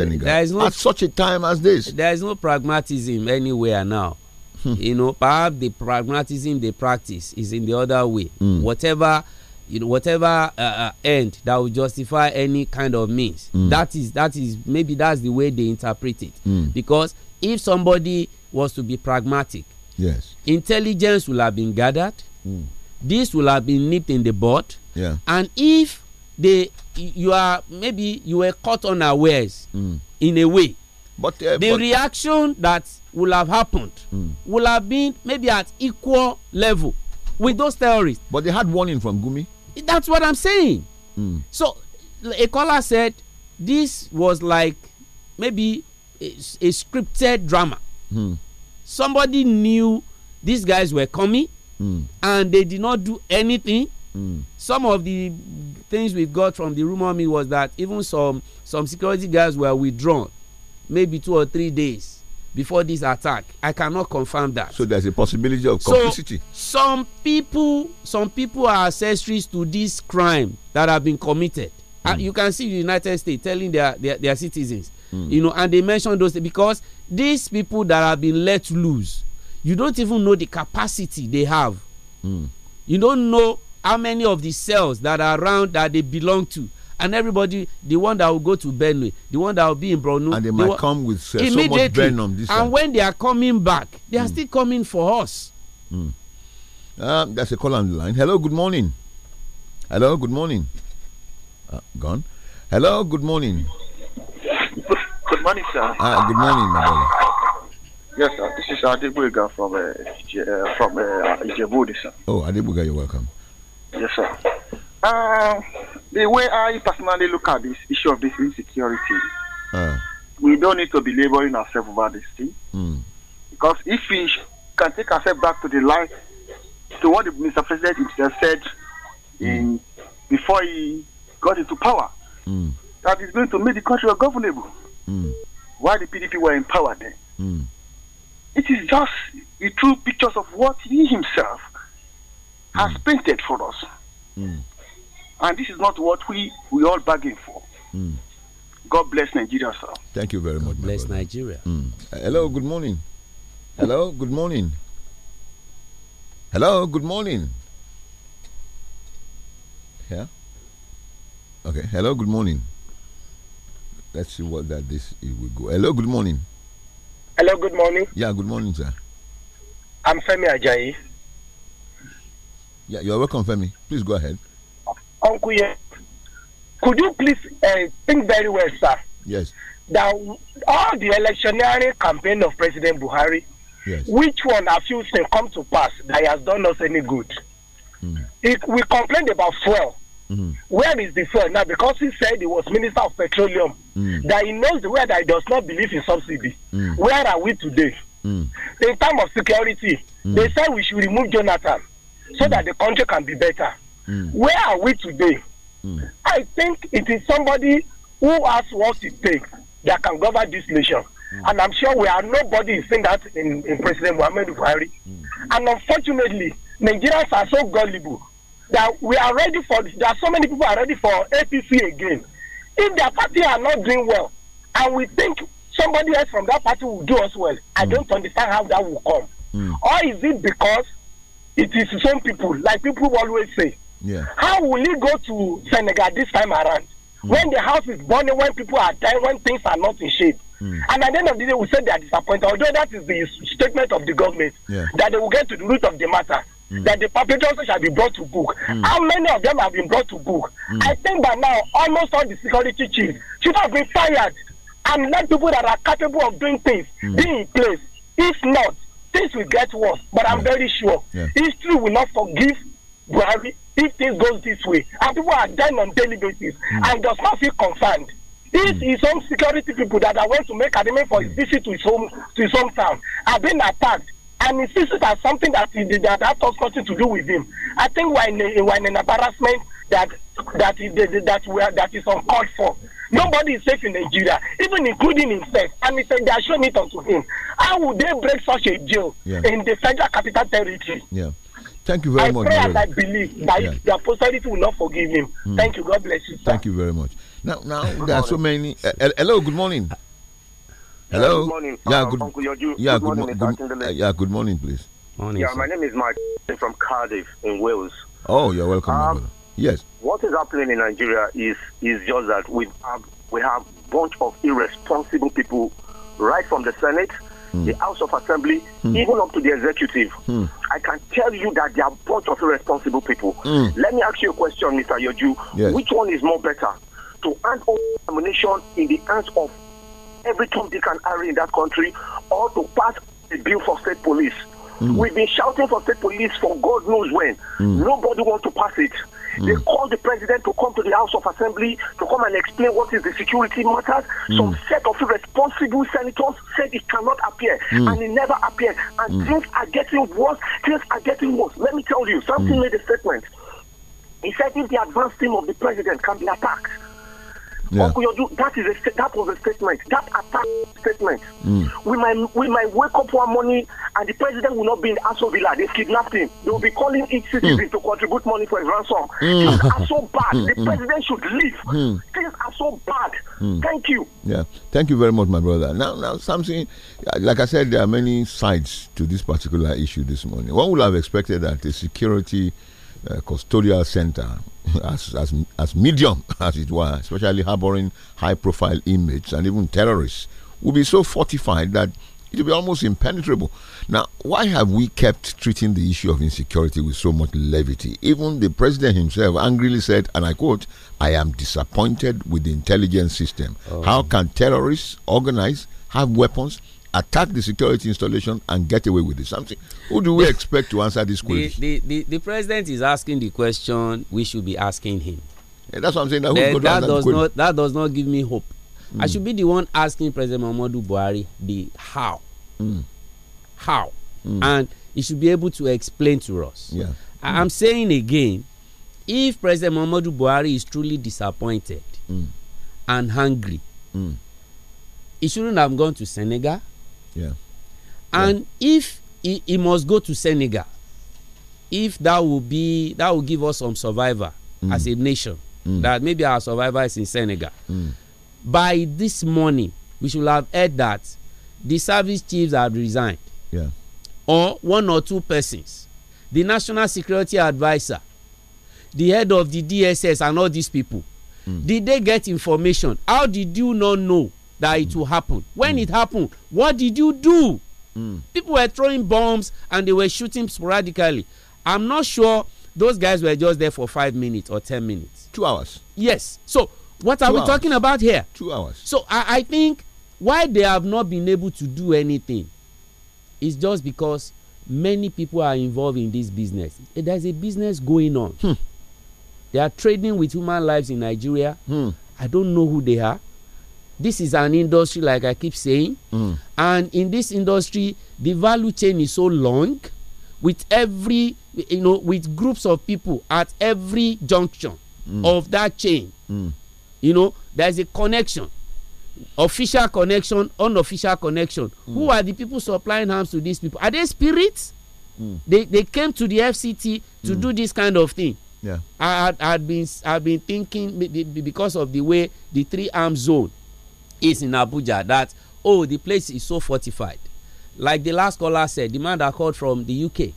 Senegal there is no, at such a time as this. There is no pragmatism anywhere now. Hmm. You know, perhaps the pragmatism they practice is in the other way. Hmm. Whatever you know, whatever uh, uh, end that will justify any kind of means. Mm. That is that is maybe that's the way they interpret it. Mm. Because if somebody was to be pragmatic, yes, intelligence will have been gathered. Mm. This will have been nipped in the bud. Yeah. And if they you are maybe you were caught unawares mm. in a way. But uh, the but reaction that will have happened mm. will have been maybe at equal level with those terrorists. But they had warning from Gumi. That's what I'm saying. Mm. So a caller said this was like maybe a, a scripted drama. Hmm. Somebody knew these guys were coming, hmm. and they did not do anything. Mm. some of the things we got from the rumor mill was that even some some security guards were withdrawn maybe two or three days before this attack i cannot confirm that. so there's a possibility of complicity. so some people some people are accessories to this crime that have been committed. Mm. you can see the united states telling their their, their citizens. Mm. you know and they mention those because these people that have been let loose you don't even know the capacity they have. Mm. you don't know how many of the cells that are around that they belong to and everybody the one that will go to Benue the one that will be in Borno and they might come with uh, so much venom and time. when they are coming back they are mm. still coming for us mm. uh, that's a call on the line hello good morning hello good morning uh, gone hello good morning good morning sir ah, good morning my brother Yes, sir. This is Adibuga from uh, uh, from uh, Ijebu, sir. Oh, Adibuga, you're welcome. Yes, sir. Uh, the way I personally look at this issue of this insecurity, uh. we don't need to be laboring ourselves over this thing. Mm. Because if we can take ourselves back to the life, to what Mr. President himself said mm. in, hmm. before he got into power, mm. that is going to make the country governable. Mm. Why the PDP were in power then? Hmm. It is just the true pictures of what he himself has mm. painted for us. Mm. And this is not what we, we all bargain for. Mm. God bless Nigeria, sir. Thank you very God much. Bless Nigeria. Mm. Hello, good morning. Hello, good morning. Hello, good morning. Yeah. Okay. Hello, good morning. Let's see what that this it will go. Hello, good morning. Hello, good morning. Yeah, good morning, sir. I'm Femi Ajayi. Yeah, you are welcome, Femi. Please go ahead. Uncle, could you please uh, think very well, sir? Yes. That all the electionary campaign of President Buhari, yes. which one have you seen come to pass that has done us any good? Mm. It, we complained about fuel. Mm. Where is the fuel now? Because he said he was Minister of Petroleum, mm. that he knows the way that he does not believe in subsidy. Hmm. Where are we today? Hmm. In time of security, hmm. they said we should remove Jonathan so that the country can be better. Hmm. Where are we today? Hmm. I think it is somebody who has what it takes that can govern this nation. Hmm. And I'm sure we are nobody is saying that in, in President Muhammad Buhari. And unfortunately, Nigerians are so gullible that we are ready for there are so many people are ready for APC again. If their party are not doing well and we think somebody else from that party will do us well, mm. I don't understand how that will come. Mm. Or is it because it is some people, like people always say. Yeah. How will he go to Senegal this time around? Mm. When the house is burning, when people are dying, when things are not in shape. Mm. And at the end of the day, we say they are disappointed. Although that is the statement of the government yeah. that they will get to the root of the matter, mm. that the perpetrators shall be brought to book. Mm. How many of them have been brought to book? Hmm. I think by now, almost all the security chiefs should have been fired and let people that are capable of doing things hmm. be in place. If not, things will get worse. But I'm very sure yeah. history will not forgive Buhari if things goes this way. And people are dying on daily basis mm. and does not feel concerned. If mm. his own security people that are went to make arrangement for his hmm. visit to his home to his hometown are being attacked and he sees it as something that he did that, that has nothing to do with him. I think we're in, a, we're in an embarrassment that that is that we are, that is uncalled for. Nobody is safe in Nigeria, even including himself. And it's a, they are showing it unto him. How would they break such a deal yeah. in the federal capital territory? Yeah. Thank you very I much. Pray and I believe that yeah. the posterity will not forgive him. Mm. Thank you. God bless you. Sir. Thank you very much. Now, now there are so many. Uh, eh, hello. Eh, good morning. Hello. Good morning. Yeah. Good. Uncle Yoju. Yeah. Good, morning. Good, good uh, yeah. Good morning, please. Morning. Yeah. Sir. My name is Mike from Cardiff in Wales. Oh, you're welcome. Um, Yes. What is happening in Nigeria is is just that we have we have bunch of irresponsible people right from the Senate, mm. the House of Assembly, mm. even up to the executive. Mm. I can tell you that they are a bunch of irresponsible people. Hmm. Let me ask you a question, Mr. Yoju. Yes. Which one is more better? To hand over ammunition in the hands of every Tom, Dick, and Harry in that country, or to pass a bill for state police? Hmm. We've been shouting for state police for God knows when. Hmm. Nobody wants to pass it. They hmm. called the president to come to the House of Assembly to come and explain what is the security matters. Hmm. Some set of responsible senators said it cannot appear, hmm. and it never appeared. And things are getting worse. Things are getting worse. Let me tell you, something made a statement. He said if the advance team of the president can be attacked, yeah. Uncle Yodu, that is a that was a statement. That attack statement. Mm. We might we might wake up one morning and the president will not be in Aso Villa. They kidnapped him. They will be calling each citizen mm. to contribute money for his ransom. Mm. mm. Things are so bad. The president should leave. Things are so bad. Thank you. Yeah, thank you very much, my brother. Now, now something like I said, there are many sides to this particular issue this morning. One would have expected that the security uh, custodial center as, as, as medium, as it were, especially harboring high profile inmates and even terrorists, will be so fortified that it will be almost impenetrable. Now, why have we kept treating the issue of insecurity with so much levity? Even the president himself angrily said, and I quote, I am disappointed with the intelligence system. Um. How oh. can terrorists organize, have weapons, attack the security installation and get away with it. Something. Who do we expect to answer this question? The, the, the, the, president is asking the question we should be asking him. Yeah, that's what I'm saying. That, that, that does not that does not give me hope. Mm. I hmm. should be the one asking President Muhammadu Buhari the how, mm. how, mm. and he should be able to explain to us. Yeah. I'm saying again, if President Muhammadu Buhari is truly disappointed hmm. and hungry, hmm. he shouldn't have gone to Senegal and yeah. if he, he, must go to Senegal, if that will be that will give us some survivor mm. as a nation, mm. that maybe our survivor is in Senegal. Mm. By this morning, we should have heard that the service chiefs have resigned. Yeah. Or one or two persons. The national security advisor, the head of the DSS, and all these people. Mm. Did they get information? How did you not know that it will happen. When mm. it happened, what did you do? Mm. People were throwing bombs and they were shooting sporadically. I'm not sure those guys were just there for five minutes or ten minutes. Two hours. Yes. So what are Two we hours. talking about here? Two hours. So I, I think why they have not been able to do anything is just because many people are involved in this business. Eh, there's a business going on. Hmm. They are trading with human lives in Nigeria. Hmm. I don't know who they are this is an industry like i keep saying mm. and in this industry the value chain is so long with every you know with groups of people at every junction mm. of that chain mm. you know there's a connection official connection unofficial connection mm. who are the people supplying arms to these people are they spirits mm. they they came to the fct to mm. do this kind of thing yeah. I had, I had been I've been thinking because of the way the three arm zone is in Abuja that, oh, the place is so fortified. Like the last caller said, the man that called from the UK,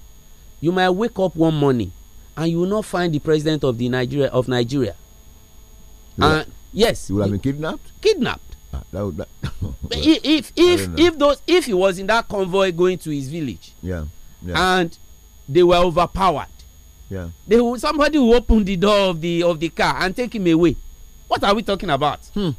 you might wake up one morning and you will not find the president of the Nigeria of Nigeria. Yeah. Uh, yes. You would have been kidnapped? Kidnapped. Ah, that would, that if if if those if he was in that convoy going to his village. Yeah. yeah. And they were overpowered. Yeah. They would somebody would open the door of the of the car and take him away. What are we talking about? Hmm.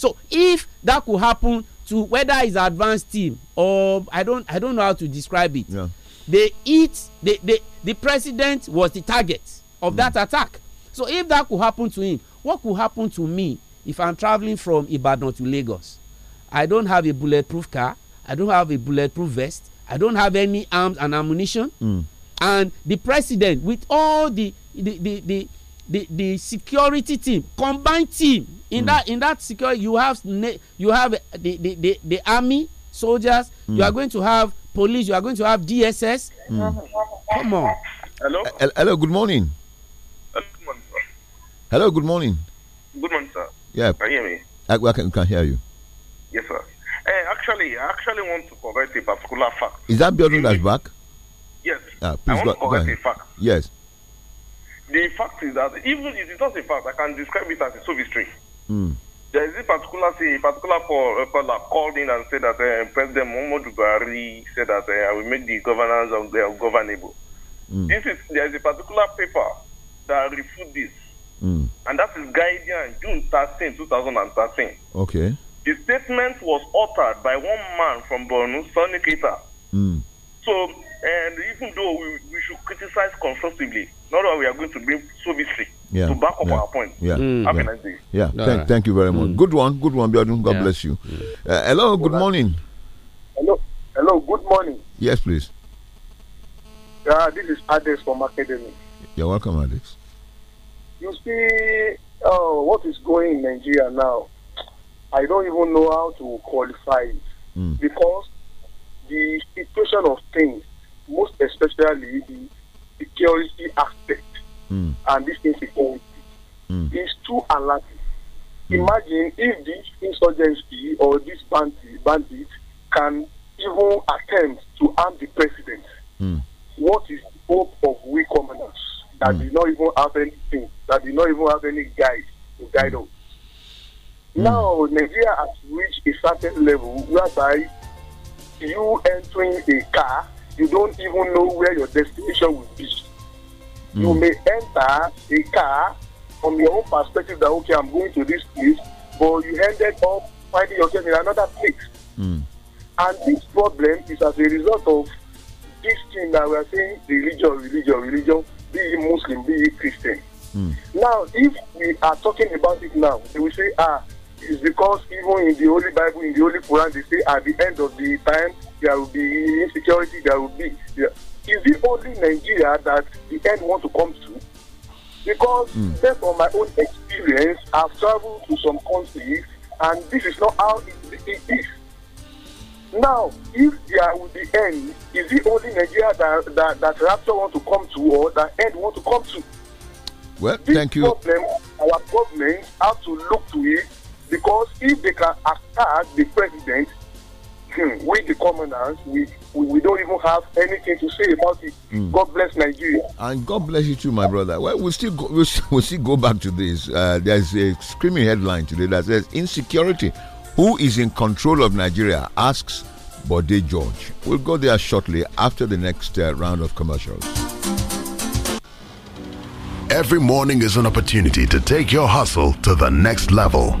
So if that could happen to whether it's advanced team or I don't I don't know how to describe it. Yeah. They eat the the president was the target of mm. that attack. So if that could happen to him, what could happen to me if I'm traveling from Ibadan to Lagos? I don't have a bulletproof car. I don't have a bulletproof vest. I don't have any arms and ammunition. Mm. And the president with all the the the the, the, the security team combined team in mm. that in that security, you have you have the the, the, the army soldiers mm. you are going to have police you are going to have dss mm. come on hello uh, hello good morning hello good morning good morning sir yeah can you hear me i, I can, can hear you yes sir eh, actually i actually want to correct a particular fact is that building that's back yes ah, please I want go, to correct a fact yes the fact is that even if it is not a fact i can describe it as a sophistry Hmm. There is a particular, see, particular for, uh, called in and said that uh, President Muhammad Buhari said that uh, I will make the governance of the uh, governable. Mm. This is, there is a particular paper that refute this, mm. and that is Guardian, June 13, 2013. Okay. The statement was uttered by one man from Borno, Sonny Keita. Mm. So, and even though we, we should criticize constructively, not only we are going to bring so yeah. to back up yeah. our point. Yeah. Mm. Have yeah. a nice day. Yeah. Thank, thank you very much. Mm. Good one. Good one, Biodun. God yeah. bless you. Mm. Uh, hello. Good, morning. Hello. Hello. Good morning. Yes, please. Uh, this is Alex from Academy. You're welcome, Alex. You see uh, what is going in Nigeria now. I don't even know how to qualify it mm. because the situation of things, most especially the security aspect mm. and this insecurity mm. is hmm. too alarming. Mm. Imagine if this insurgency or this bandit, bandit can even attempt to harm the president. Mm. What is the hope of we commoners that mm. do not even have anything, that do not even have any guide to guide hmm. us? Now, hmm. Nigeria has reached a certain level whereby you entering a car you don't even know where your destination will be. Mm. You hmm. may enter a car from your own perspective that, okay, I'm going to this place, but you ended up finding yourself in another place. Mm. And this problem is as a result of this thing that we are saying religion, religion, religion, be it Muslim, be it Christian. Mm. Now, if we are talking about it now, they will say, ah, it's because even in the Holy Bible, in the Holy Quran, they say at the end of the time, there will be insecurity, there will be. Is it only Nigeria that the end wants to come to? Because mm. based on my own experience, I've traveled to some countries and this is not how it, it is. Now, if there will be end, is it only Nigeria that, that, that Rapture want to come to or that end want to come to? Well, this thank you. Problem, our government have to look to it because if they can attack the president, hmm, we the commoners, we, we, we don't even have anything to say about it. Mm. God bless Nigeria. And God bless you too, my brother. Well, we'll still go, we'll, we'll still go back to this. Uh, there's a screaming headline today that says insecurity. Who is in control of Nigeria? Asks Bode George. We'll go there shortly after the next uh, round of commercials. Every morning is an opportunity to take your hustle to the next level.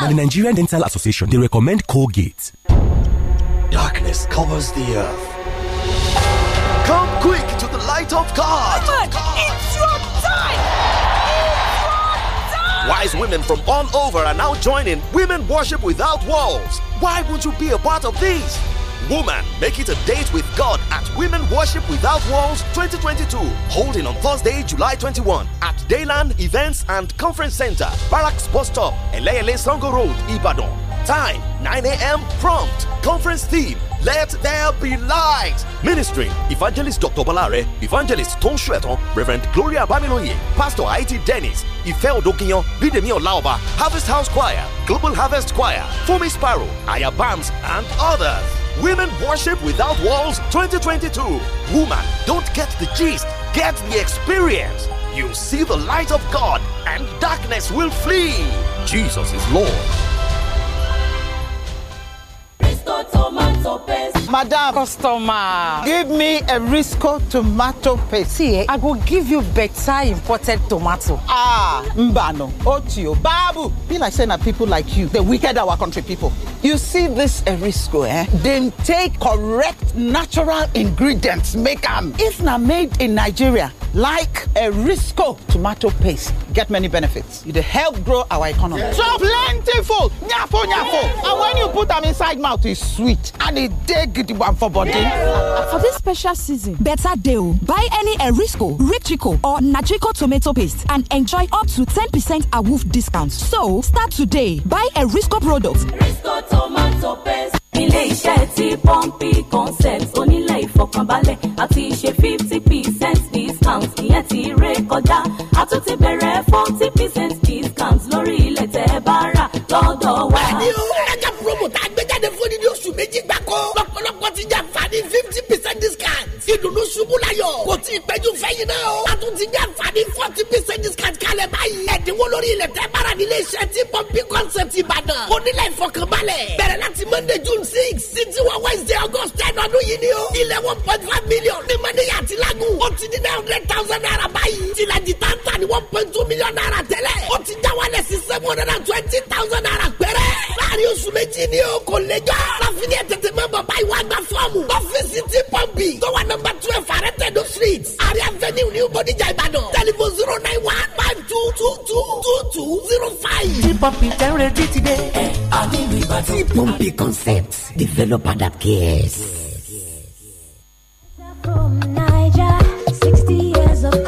Now, the Nigerian Dental Association, they recommend Colgate. Darkness covers the earth. Come quick to the light of God. it's your time. Wise women from all over are now joining Women Worship Without Walls. Why won't you be a part of this? Woman, make it a date with God at Women Worship Without Walls 2022, holding on Thursday, July 21 at Dayland Events and Conference Center, Barracks Bus Stop, Elele Sango Road, Ibadan. Time 9 a.m. Prompt. Conference theme let there be light. Ministry Evangelist Dr. Balare, Evangelist Tom Shueton, Reverend Gloria Bamiloye, Pastor Haiti Dennis, Ife Odokinyan, Bidemi Olaoba, Harvest House Choir, Global Harvest Choir, Fumi Sparrow, Aya Bams, and others. Women Worship Without Walls 2022. Woman, don't get the gist, get the experience. You'll see the light of God and darkness will flee. Jesus is Lord. Madam. Customer. Give me a Risco tomato paste. See, eh, I will give you better imported tomato. Ah, mbano, otio, babu. Be like saying that people like you, the wicked our country people. You see this Risco, eh? Then take correct natural ingredients, make them. If not made in Nigeria, like Risco tomato paste, get many benefits. It help grow our economy. Yeah. So plentiful, nyafo, nyafo. And when you put them inside mouth, it's sweet and it dig gidigba for body. For this special season, better deal. Oh. Buy any Erisco, Ripchico, or Nachico tomato paste and enjoy up to ten percent awoof discount. So, start today. Buy Erisco products. Erisco tomato paste. ilé iṣẹ́ ti pọ́ǹpì concept onílẹ̀ ìfọkànbalẹ̀ àti ṣe fifty percent discount ìyẹn ti ré kọjá a tún ti bẹ̀rẹ̀ forty percent discount lórí ilẹ̀ tẹ́ bá rà lọ́dọ̀ wa. ẹni o ẹ̀ka tá a gbé jáde fún ní oṣù méjì gbáko. wọ́n ti jàǹfààní fifty percent discount fi dùnú ṣubú láyọ̀. kò tí ì pẹ́jú fẹ́yìn náà o. a tún ti ní àǹfààní forty percent discount kalẹ̀ báyìí. ẹ̀dínwó lórí ilẹ̀ tẹ́ bára nílé iṣẹ́ tí pọ́ńpì concept ìbàdàn. onílẹ̀ ìfọkànbalẹ̀. bẹ̀rẹ̀ láti monday june six sí tiwọn wednesday august ten ọdún yìí ni o. ilẹ̀ one point five million ní mọ́níyà àti lágùn. ó ti di nine hundred thousand naira báyìí. tìlàjì táǹtà ni one point two million naira tẹ́lẹ̀. ó ti já wálẹ̀ sí seven hundred and twenty thousand naira pẹ́rẹ́. láàrin oṣù méjì ni o kò lè jọ. láfi ní ẹ̀ tètè mọ́ bàbá ìwà àgbà nọmba twelve àrẹ tẹ̀dó street àrẹ avenue new bodijà ìbàdàn tẹlifon zero nine one five two two two two two zero five. tí pọ́ǹpì tẹ́ ń retí ti dé. ẹ àní ìlú ìbàdàn. tí pọ́ǹpì concept developer that cares. from Niger, sixty years of.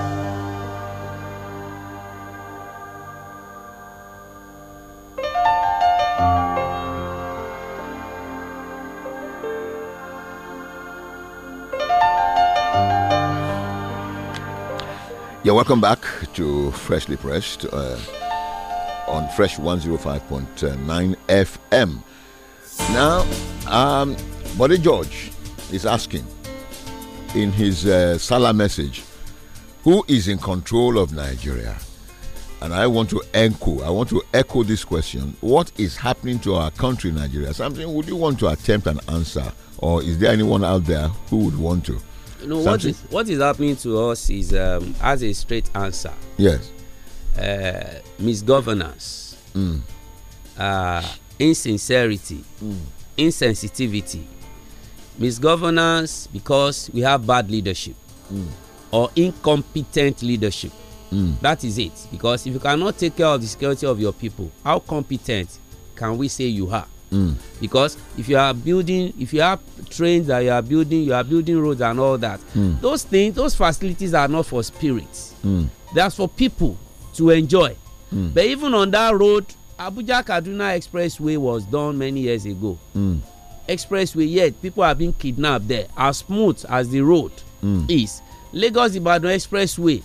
Yeah, welcome back to Freshly Pressed uh, on Fresh 105.9 FM. Now, um, George is asking in his uh, Salah message, who is in control of Nigeria? And I want to echo, I want to echo this question. What is happening to our country, Nigeria? Something, would you want to attempt an answer? Or is there anyone out there who would want to? No, what is, what is happening to us is um, as a straight answer. Yes. Uh, misgovernance. Mm. Uh, insincerity. Mm. Insensitivity. Misgovernance because we have bad leadership mm. or incompetent leadership. Mm. That is it. Because if you cannot take care of the security of your people, how competent can we say you are? Mm. Because if you are building, if you have trains that you are building, you are building roads and all that. Mm. Those things, those facilities are not for spirits. Mm. for people to enjoy. Mm. But even on that road, Abuja Kaduna Expressway was done many years ago. Mm. Expressway, yet people have been kidnapped there. As smooth as the road mm. is, Lagos Ibadan Expressway,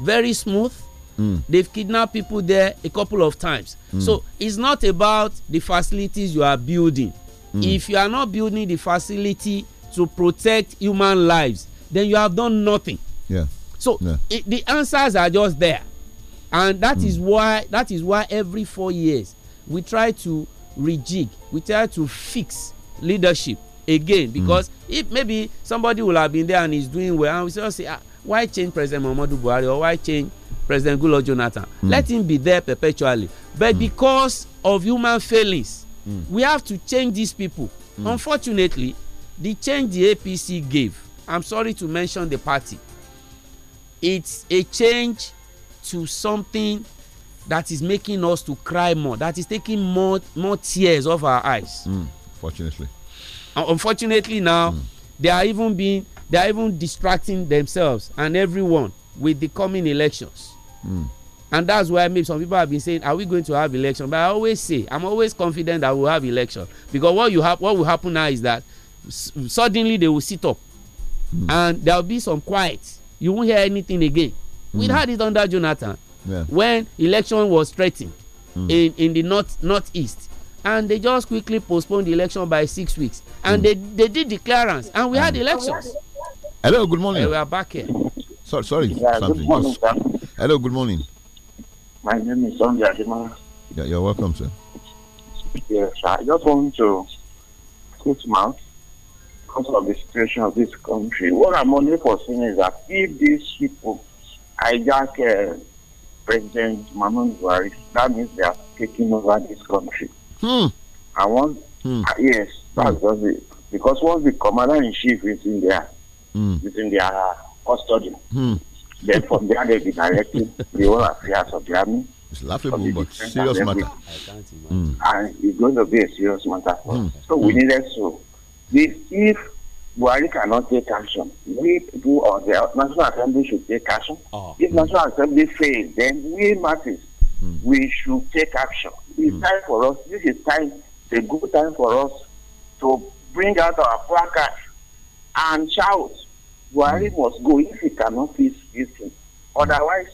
very smooth Mm. They've kidnapped people there a couple of times. Mm. So it's not about the facilities you are building. Mm. If you are not building the facility to protect human lives, then you have done nothing. Yeah. So yeah. It, the answers are just there. And that mm. is why that is why every four years we try to rejig, we try to fix leadership again because mm. if maybe somebody will have been there and is doing well and we just say ah, why change President Muhammadu Buhari or why change President Goodluck Jonathan. Mm. Let him be there perpetually. But mm. because of human failings, mm. we have to change these people. Hmm. Unfortunately, the change the APC gave, I'm sorry to mention the party, it's a change to something that is making us to cry more, that is taking more, more tears off our eyes. Hmm. Fortunately. Unfortunately now, hmm. they are even being they are even distracting themselves and everyone with the coming elections. Mm. And that's why maybe some people have been saying, "Are we going to have election?" But I always say, I'm always confident that we'll have election because what you have, what will happen now is that suddenly they will sit up, mm. and there will be some quiet. You won't hear anything again. Mm. We had it under Jonathan yeah. when election was threatened mm. in in the north northeast and they just quickly postponed the election by six weeks and mm. they they did declarance and we mm. had elections. hello good morning. Uh, we are back here. sorry sorry yeah, something. Good morning, Hello, good morning. My name is Sonja Adema. Yeah, you're welcome, sir. Yes, I just want to put mouth because of the situation of this country. What I'm only foreseeing is that if these people hijack uh, President Manon Buhari, that means they are taking over this country. Hmm. I want, hmm. uh, yes, that's hmm. it. Because once the commander in chief is in there, hmm. is in their custody, hmm then from there they've been directing the whole affairs of the army. It's laughable, but mm. ah, serious matter. Mm. And it's going to be a serious matter. Mm. So we ah. mm. needed to. This, if Buhari cannot take action, we people or the National Assembly should take action. Oh. If National Assembly fails, then we masses, we should take action. It's time for us. This is time, a good time for us to bring out our placards and shout, Buhari must go if he cannot fix this thing. Otherwise,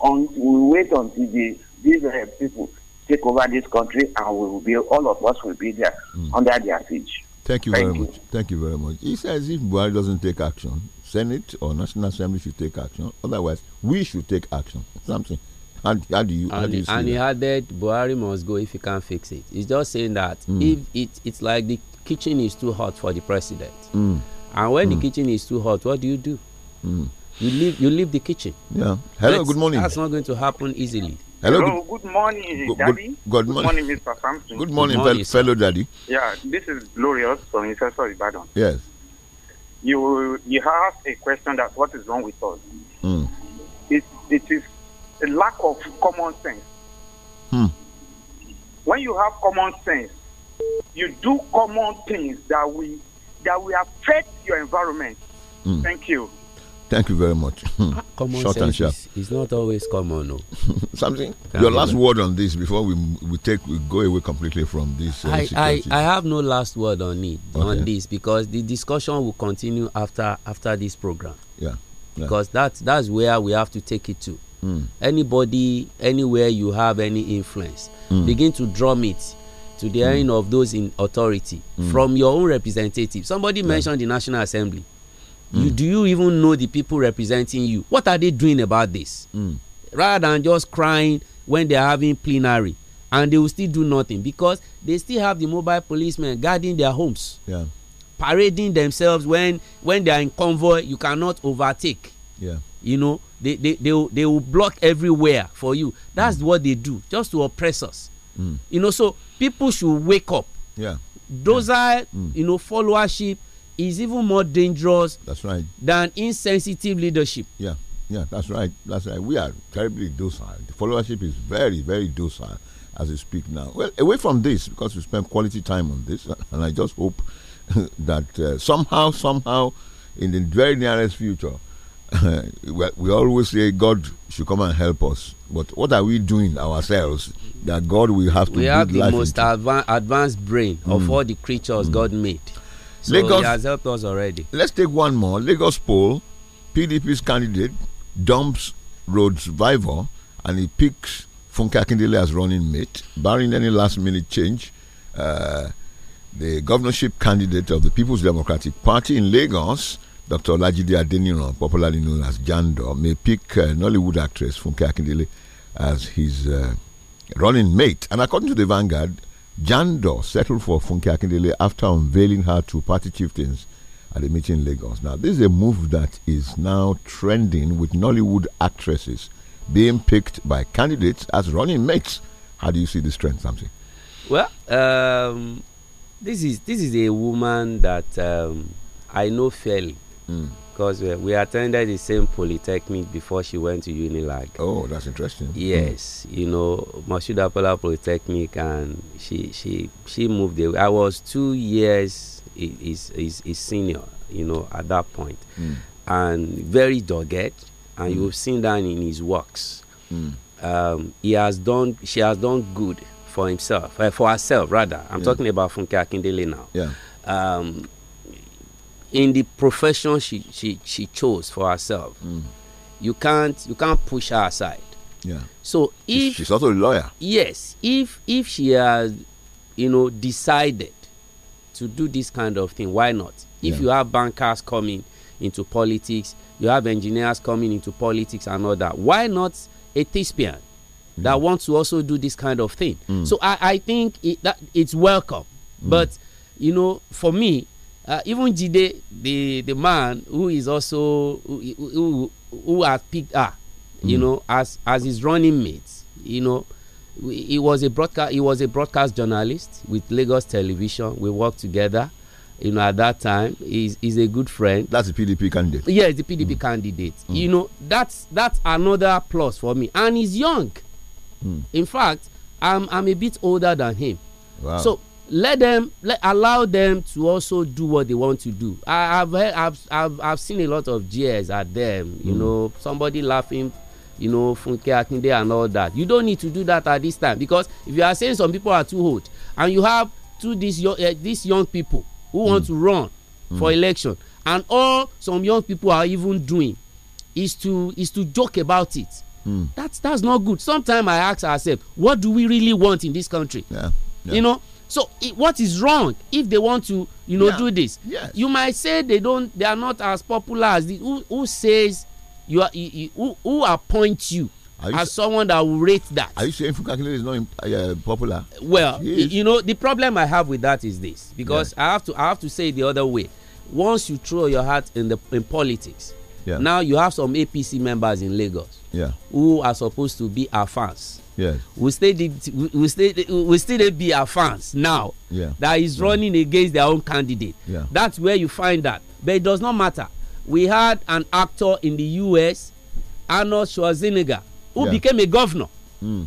on, we wait until the, these uh, people take over this country and we will be, all of us will be there mm. under their siege. Thank you Thank very you. much. Thank you very much. He says if Buhari doesn't take action, Senate or National Assembly should take action. Otherwise, we should take action. Something. And how do you? How and, do you and he added, Buhari must go if he can't fix it. He's just saying that mm. if it, it's like the kitchen is too hot for the president, mm. and when mm. the hmm. kitchen is too hot, what do you do? Hmm. You leave you leave the kitchen. Yeah. Hello, good morning. That's not going to happen easily. Hello, Hello good, good, morning, Daddy. Good, good morning. morning. Mr. Sampson. Good morning, morning fellow Daddy. Yeah, this is Glorious from sorry, Ibadan. Yes. You you asked a question that what is wrong with us? Mm. It it is a lack of common sense. Hmm. When you have common sense, you do common things that will that will affect your environment. Mm. Thank you. Thank you very much. Ah, hmm. common Short and sharp. It's not always common. No. Something. Your last word on this before we we take we go away completely from this. Uh, I, I, I have no last word on it okay. on this because the discussion will continue after after this program. Yeah. yeah. Because that that's where we have to take it to. Mm. Anybody anywhere you have any influence, mm. begin to drum it to the mm. end of those in authority hmm. from your own representative. Somebody yeah. mentioned the National Assembly. You, mm. do you even know the people representing you? What are they doing about this? Mm. Rather than just crying when they are having plenary and they will still do nothing because they still have the mobile policemen guarding their homes. Yeah. Parading themselves when when they are in convoy, you cannot overtake. Yeah. You know, they they they will, they will block everywhere for you. That's mm. what they do, just to oppress us. Mm. You know, so people should wake up. Yeah. Those yeah. are mm. you know followership is even more dangerous that's right. than insensitive leadership. Yeah, yeah, that's right. That's right. We are terribly docile. The followership is very, very docile as we speak now. Well, away from this, because we spent quality time on this, and I just hope that uh, somehow, somehow, in the very nearest future, we always say God should come and help us. But what are we doing ourselves that God will have to? We have the most adva advanced brain mm. of all the creatures mm. God made. So Lagos, he has helped us already. Let's take one more. Lagos poll, PDP's candidate dumps Rhodes Vivor and he picks Funke Akindele as running mate, barring any last minute change. Uh, the governorship candidate of the People's Democratic Party in Lagos, Dr. Lajide Adeniran, popularly known as Jando, may pick uh, Nollywood actress Funke Akindele as his uh, running mate. And according to the Vanguard, Jando settled for Funke Akindele after unveiling her to party chieftains at a meeting in Lagos. Now, this is a move that is now trending with Nollywood actresses being picked by candidates as running mates. How do you see this trend, Samson? Well, um, this is this is a woman that um, I know fairly. Mm because we, uh, we attended the same polytechnic before she went to Unilag. Oh, that's interesting. Yes, mm. you know Mashudapola Polytechnic, and she she she moved away. I was two years is is is senior, you know, at that point. Mm. and very dogged, and mm. you've seen that in his works. Mm. Um, he has done she has done good for himself uh, for herself rather i'm yeah. talking about funke akindele now yeah um, in the profession she she she chose for herself. Mm. You can't you can't push her aside. Yeah. So if she's also a lawyer. Yes. If if she has, you know, decided to do this kind of thing, why not? If yeah. you have bankers coming into politics, you have engineers coming into politics and all that. Why not a thespian mm. that wants to also do this kind of thing? Mm. So I I think it, that it's welcome, mm. but you know, for me, uh, even Jide, the the man who is also who who, who has picked her, mm. you know, as as his running mate, you know, he was a broadcast he was a broadcast journalist with Lagos Television. We worked together, you know, at that time. He's, he's a good friend. That's the PDP candidate. Yes, yeah, the PDP mm. candidate. Mm. You know, that's that's another plus for me. And he's young. Mm. In fact, I'm I'm a bit older than him. Wow. So let them let allow them to also do what they want to do i have i've i've, I've seen a lot of jeers at them you mm. know somebody laughing you know funke akinde and all that you don't need to do that at this time because if you are saying some people are too old and you have two these young uh, eh, these young people who mm. want hmm. to run mm. for election and all some young people are even doing is to is to joke about it hmm. that's that's not good sometimes i ask ourselves what do we really want in this country yeah. Yeah. you know so it, what is wrong if they want to you know yeah. do this yes. you might say they don't they are not as popular as the, who, who says you are you, you, who, who appoints you as someone that will rate that. Are you saying Fukakile is not uh, popular? Well, you know the problem I have with that is this because yeah. I have to I have to say the other way. Once you throw your hat in the in politics, yeah. now you have some APC members in Lagos yeah. who are supposed to be our fans we Will still will still will still be our fans now. Yeah. That is running against their own candidate. Yeah. That's where you find that. But it does not matter. We had an actor in the U.S. Arnold Schwarzenegger who yeah. became a governor. Mm.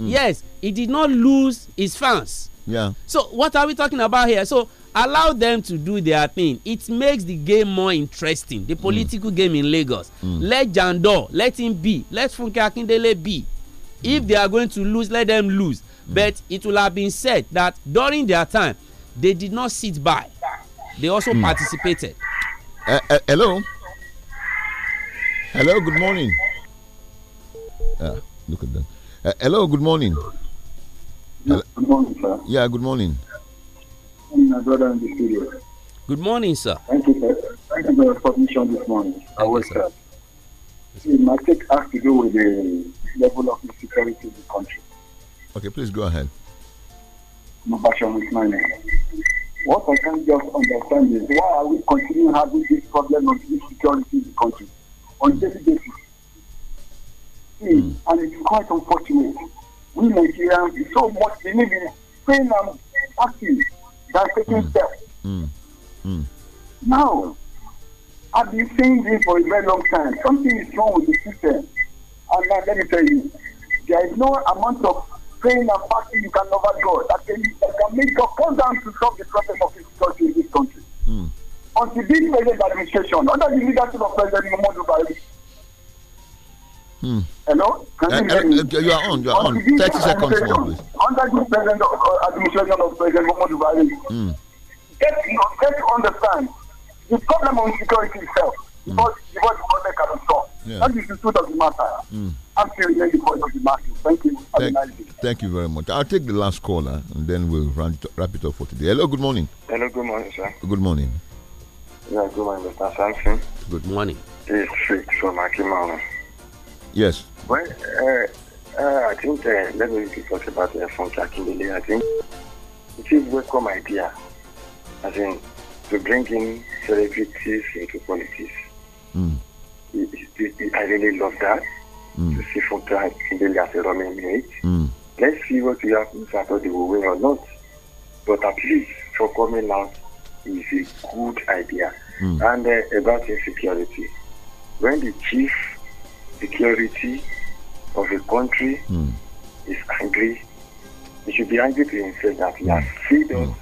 Mm. Yes, he did not lose his fans. Yeah. So what are we talking about here? So allow them to do their thing. It makes the game more interesting. The mm. political mm. game in Lagos. Mm. Let Jandor, let him be. Let Funke Akindele be if they are going to lose let them lose mm. but it will have been said that during their time they did not sit by they also mm. participated. Uh, uh, hello hello good morning ah, look at that uh, hello good morning hello. good morning sir yeah good morning my brother in the studio good morning sir thank you sir thank you for your permission this morning thank i was sir. Uh, my take has to do with the level of insecurity in the country. Okay, please go ahead. What I can just understand is why are we continuing having this problem of insecurity in the country on daily basis? Mm. And it's quite unfortunate. We Nigerians so much believing, in saying and acting that taking mm. steps. Mm. Mm. Now, I've been saying this for a very long time. Something is wrong with the system. Allah, let me tell you, there is no amount of praying and fasting you can overdraw that can, that can make your countdown to stop the process of destruction in this country. Mm. Until this present administration, under the leadership of President Muhammadu Buhari, Hmm. Hello? Can uh, you, uh, you, are on, you are on. 30 seconds more, please. Under the present uh, administration of President Muhammadu Buhari, hmm. get, get to understand the problem of security itself, because, mm. because the government cannot solve. Yeah. That is the truth of the matter. Mm. of the matter. Thank you. Thank, thank, you very much. I'll take the last caller and then we'll run, wrap it up for today. Hello, good morning. Hello, good morning, sir. Good morning. Yeah, good morning, Mr. Samson. Good morning. It's Rick from Akimano. Yes. Well, uh, uh, I think uh, let me talk about phone uh, from Akimile. I think it is a welcome idea. I think to bring in celebrities into politics. Mm. I really love that. Mm. To see really in the running merit. Mm. Let's see what will happen Saturday, we win or not. But at least for coming out is a good idea. Mm. And uh, about insecurity, when the chief security of a country mm. is angry, he should be angry to himself that he has mm. failed us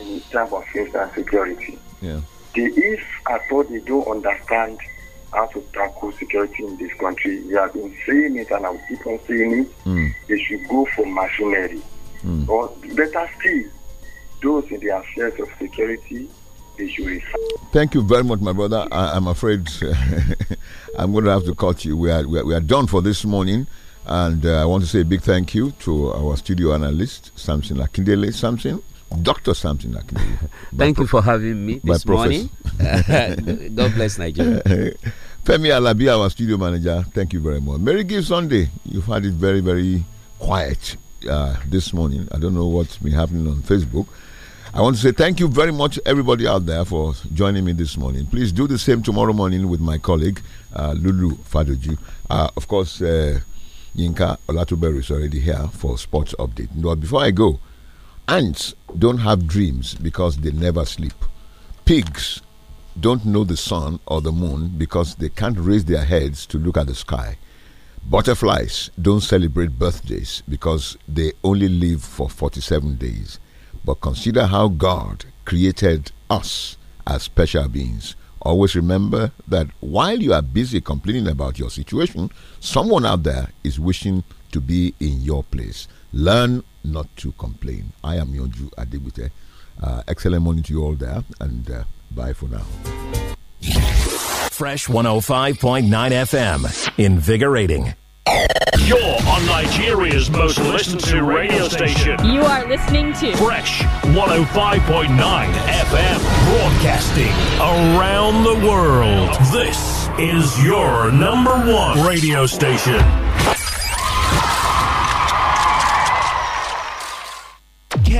mm. in terms of insecurity. Yeah. The if at all they don't understand how to tackle security in this country. We have been seeing it and I will keep on seeing it. Mm. They should go for machinery. Mm. Or better still, those in the affairs of security, they should refer. Thank you very much, my brother. I, am afraid I'm going to have to cut you. We are, we are, we are done for this morning. And uh, I want to say a big thank you to our studio analyst, Samson Lakindele, Samson, Dr. Samson Akindele. Thank you for having me this morning. God bless Nigeria. Femi Alabi, our studio manager, thank you very much. Mary Give Sunday, you've had it very, very quiet uh, this morning. I don't know what's been happening on Facebook. I want to say thank you very much, everybody out there, for joining me this morning. Please do the same tomorrow morning with my colleague, uh, Lulu Fadoju. Uh, of course, uh, Yinka Olatuberu is already here for sports update. But before I go, Ants don't have dreams because they never sleep. Pigs don't know the sun or the moon because they can't raise their heads to look at the sky. Butterflies don't celebrate birthdays because they only live for 47 days. But consider how God created us as special beings. Always remember that while you are busy complaining about your situation, someone out there is wishing to be in your place. Learn not to complain. I am Yonju Adibute. Uh, excellent morning to you all there, and uh, bye for now. Fresh 105.9 FM. Invigorating. You're on Nigeria's most listened to radio station. You are listening to Fresh 105.9 FM broadcasting around the world. This is your number one radio station.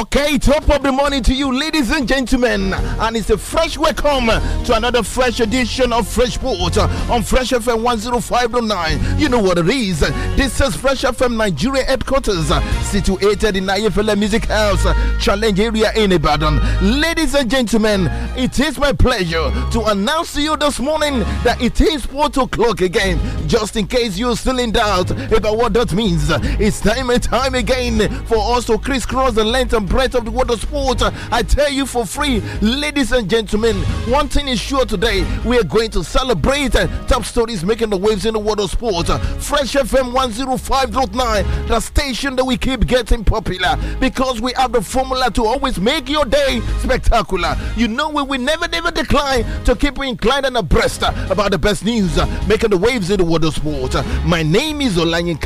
Okay, top of the morning to you, ladies and gentlemen, and it's a fresh welcome to another fresh edition of Fresh Port on Fresh FM 105.9. You know what it is. This is Fresh FM Nigeria headquarters, situated in IFL Music House, Challenge area in Ibadan. Ladies and gentlemen, it is my pleasure to announce to you this morning that it is 4 o'clock again. Just in case you're still in doubt about what that means, it's time and time again for us to crisscross the length and breath of the water sport. I tell you for free, ladies and gentlemen, one thing is sure today we are going to celebrate uh, top stories making the waves in the water sport. Fresh FM 105.9, the station that we keep getting popular because we have the formula to always make your day spectacular. You know, we will never, never decline to keep you inclined and abreast uh, about the best news uh, making the waves in the water sport. My name is Olanyin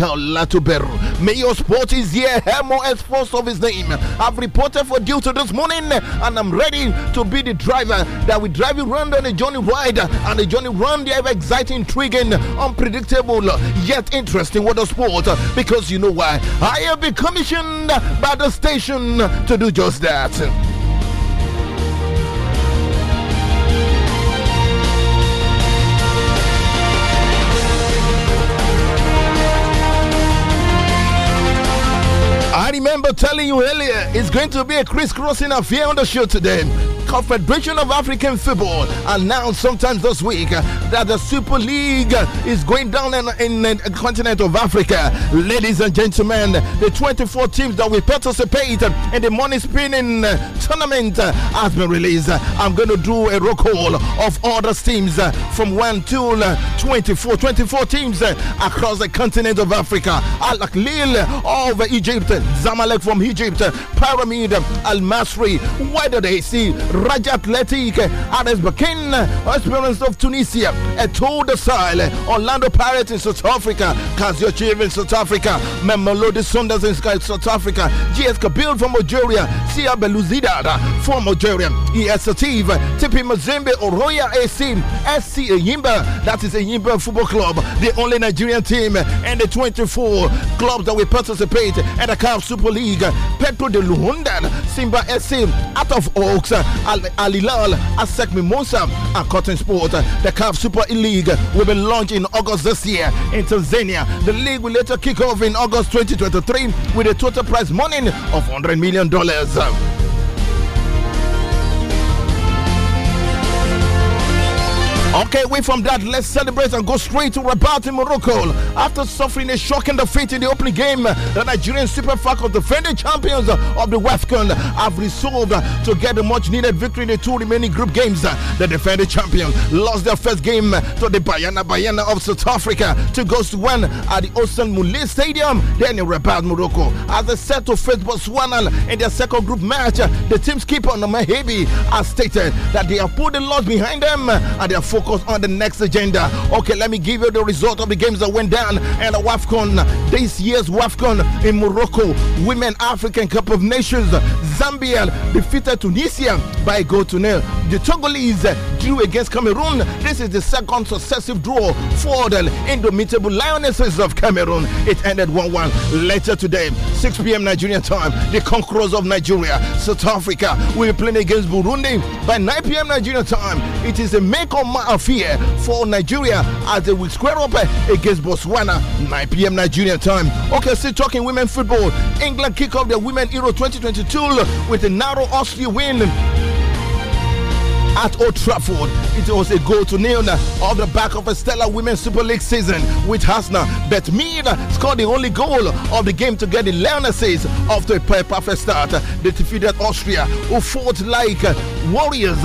May your Sport is here, Hemo S. Force of his name. have have reported for duty this morning, and I'm ready to be the driver that will drive you round on a journey ride. And the journey round the ever exciting, intriguing, unpredictable, yet interesting water sport. Because you know why? I have been commissioned by the station to do just that. I remember telling you earlier, it's going to be a crisscrossing affair on the show today. Confederation of African Football announced sometime this week that the Super League is going down in, in, in the continent of Africa. Ladies and gentlemen, the 24 teams that will participate in the money spinning tournament has been released. I'm going to do a roll call of all the teams from 1 to 24. 24 teams across the continent of Africa. Al Aklil of Egypt, Zamalek from Egypt, Pyramid, Al Masri, they see? Raja Athletic, RS Bakin, Experience of Tunisia, Etou de Sahel, Orlando Pirates in South Africa, Kazio Chief in South Africa, Memelodi Sundas in South Africa, GS Kabil from Algeria, Sia Beluzida from Algeria, ES Sativ, Tipi Mazembe, Oroya AC, SC Yimba, that is a Yimba Football Club, the only Nigerian team, and the 24 clubs that will participate at the CAF Super League, Petro de Luhundan, Simba SC, out of Oaks, Alilal, Hilal, Asek Mimosa, and Cotton Sport. The CAF Super League will be launched in August this year in Tanzania. The league will later kick off in August 2023 with a total prize money of $100 million. Okay, away from that, let's celebrate and go straight to Rabat in Morocco. After suffering a shocking defeat in the opening game, the Nigerian Super Falcons, defending champions of the WEFCON, have resolved to get the much needed victory in the two remaining group games. The defending champions lost their first game to the Bayana Bayana of South Africa, two goals to one at the Osman Mule Stadium, then in Rabat, Morocco. As they set to face Botswana in their second group match, the team's keeper, Namahebi, has stated that they have put the loss behind them and they are focused focus on the next agenda. Okay, let me give you the result of the games that went down and WAFCON. This year's WAFCON in Morocco, Women African Cup of Nations, Zambia defeated Tunisia by a goal to nil. The Togolese drew against Cameroon. This is the second successive draw for the indomitable Lionesses of Cameroon. It ended 1 1. Later today, 6 p.m. Nigerian time, the conquerors of Nigeria, South Africa, will be playing against Burundi by 9 p.m. Nigerian time. It is a make or match and fear for Nigeria as they will square up eh, against Botswana 9 p.m. Nigeria time. Okay, still talking women football. England kick off the Women Euro 2022 with a narrow Austria win at Old Trafford. It was a goal to nil eh, on the back of a stellar Women's Super League season with Hasna. But Mead eh, scored the only goal of the game to get the Leon off after a perfect start. They defeated Austria, who fought like warriors